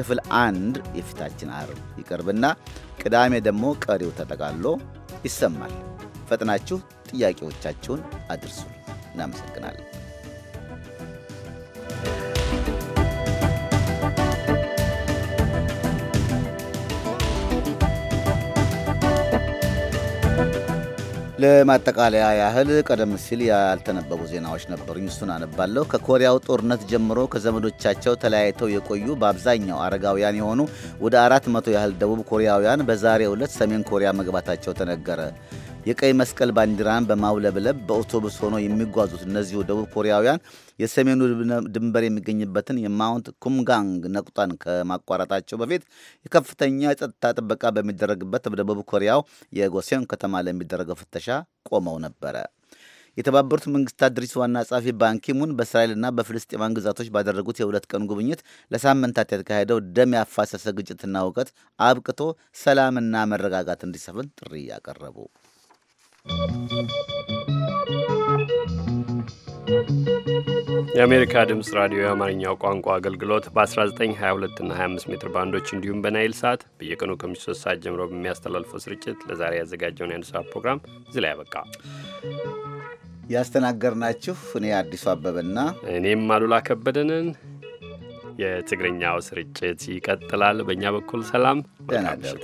ክፍል አንድ የፊታችን አርብ ይቀርብና ቅዳሜ ደግሞ ቀሪው ተጠቃሎ ይሰማል። ፈጥናችሁ ጥያቄዎቻችሁን አድርሱ። እናመሰግናለን። ለማጠቃለያ ያህል ቀደም ሲል ያልተነበቡ ዜናዎች ነበሩኝ። እሱን አነባለሁ። ከኮሪያው ጦርነት ጀምሮ ከዘመዶቻቸው ተለያይተው የቆዩ በአብዛኛው አረጋውያን የሆኑ ወደ አራት መቶ ያህል ደቡብ ኮሪያውያን በዛሬው ዕለት ሰሜን ኮሪያ መግባታቸው ተነገረ። የቀይ መስቀል ባንዲራን በማውለብለብ በአውቶቡስ ሆኖ የሚጓዙት እነዚሁ ደቡብ ኮሪያውያን የሰሜኑ ድንበር የሚገኝበትን የማውንት ኩምጋንግ ነቁጣን ከማቋረጣቸው በፊት የከፍተኛ የጸጥታ ጥበቃ በሚደረግበት በደቡብ ኮሪያው የጎሴን ከተማ ለሚደረገው ፍተሻ ቆመው ነበረ። የተባበሩት መንግስታት ድርጅት ዋና ጸሐፊ ባንኪሙን በእስራኤልና በፍልስጤማን ግዛቶች ባደረጉት የሁለት ቀን ጉብኝት ለሳምንታት የተካሄደው ደም ያፋሰሰ ግጭትና እውቀት አብቅቶ ሰላምና መረጋጋት እንዲሰፍን ጥሪ ያቀረቡ የአሜሪካ ድምፅ ራዲዮ የአማርኛው ቋንቋ አገልግሎት በ1922 እና 25 ሜትር ባንዶች እንዲሁም በናይል ሰዓት በየቀኑ ከምሽቱ 3 ሰዓት ጀምሮ በሚያስተላልፈው ስርጭት ለዛሬ ያዘጋጀውን የአንድ ሰዓት ፕሮግራም እዚህ ላይ ያበቃ። ያስተናገርናችሁ እኔ አዲሱ አበበና እኔም አሉላ ከበደንን። የትግርኛው ስርጭት ይቀጥላል። በእኛ በኩል ሰላም ደናደሩ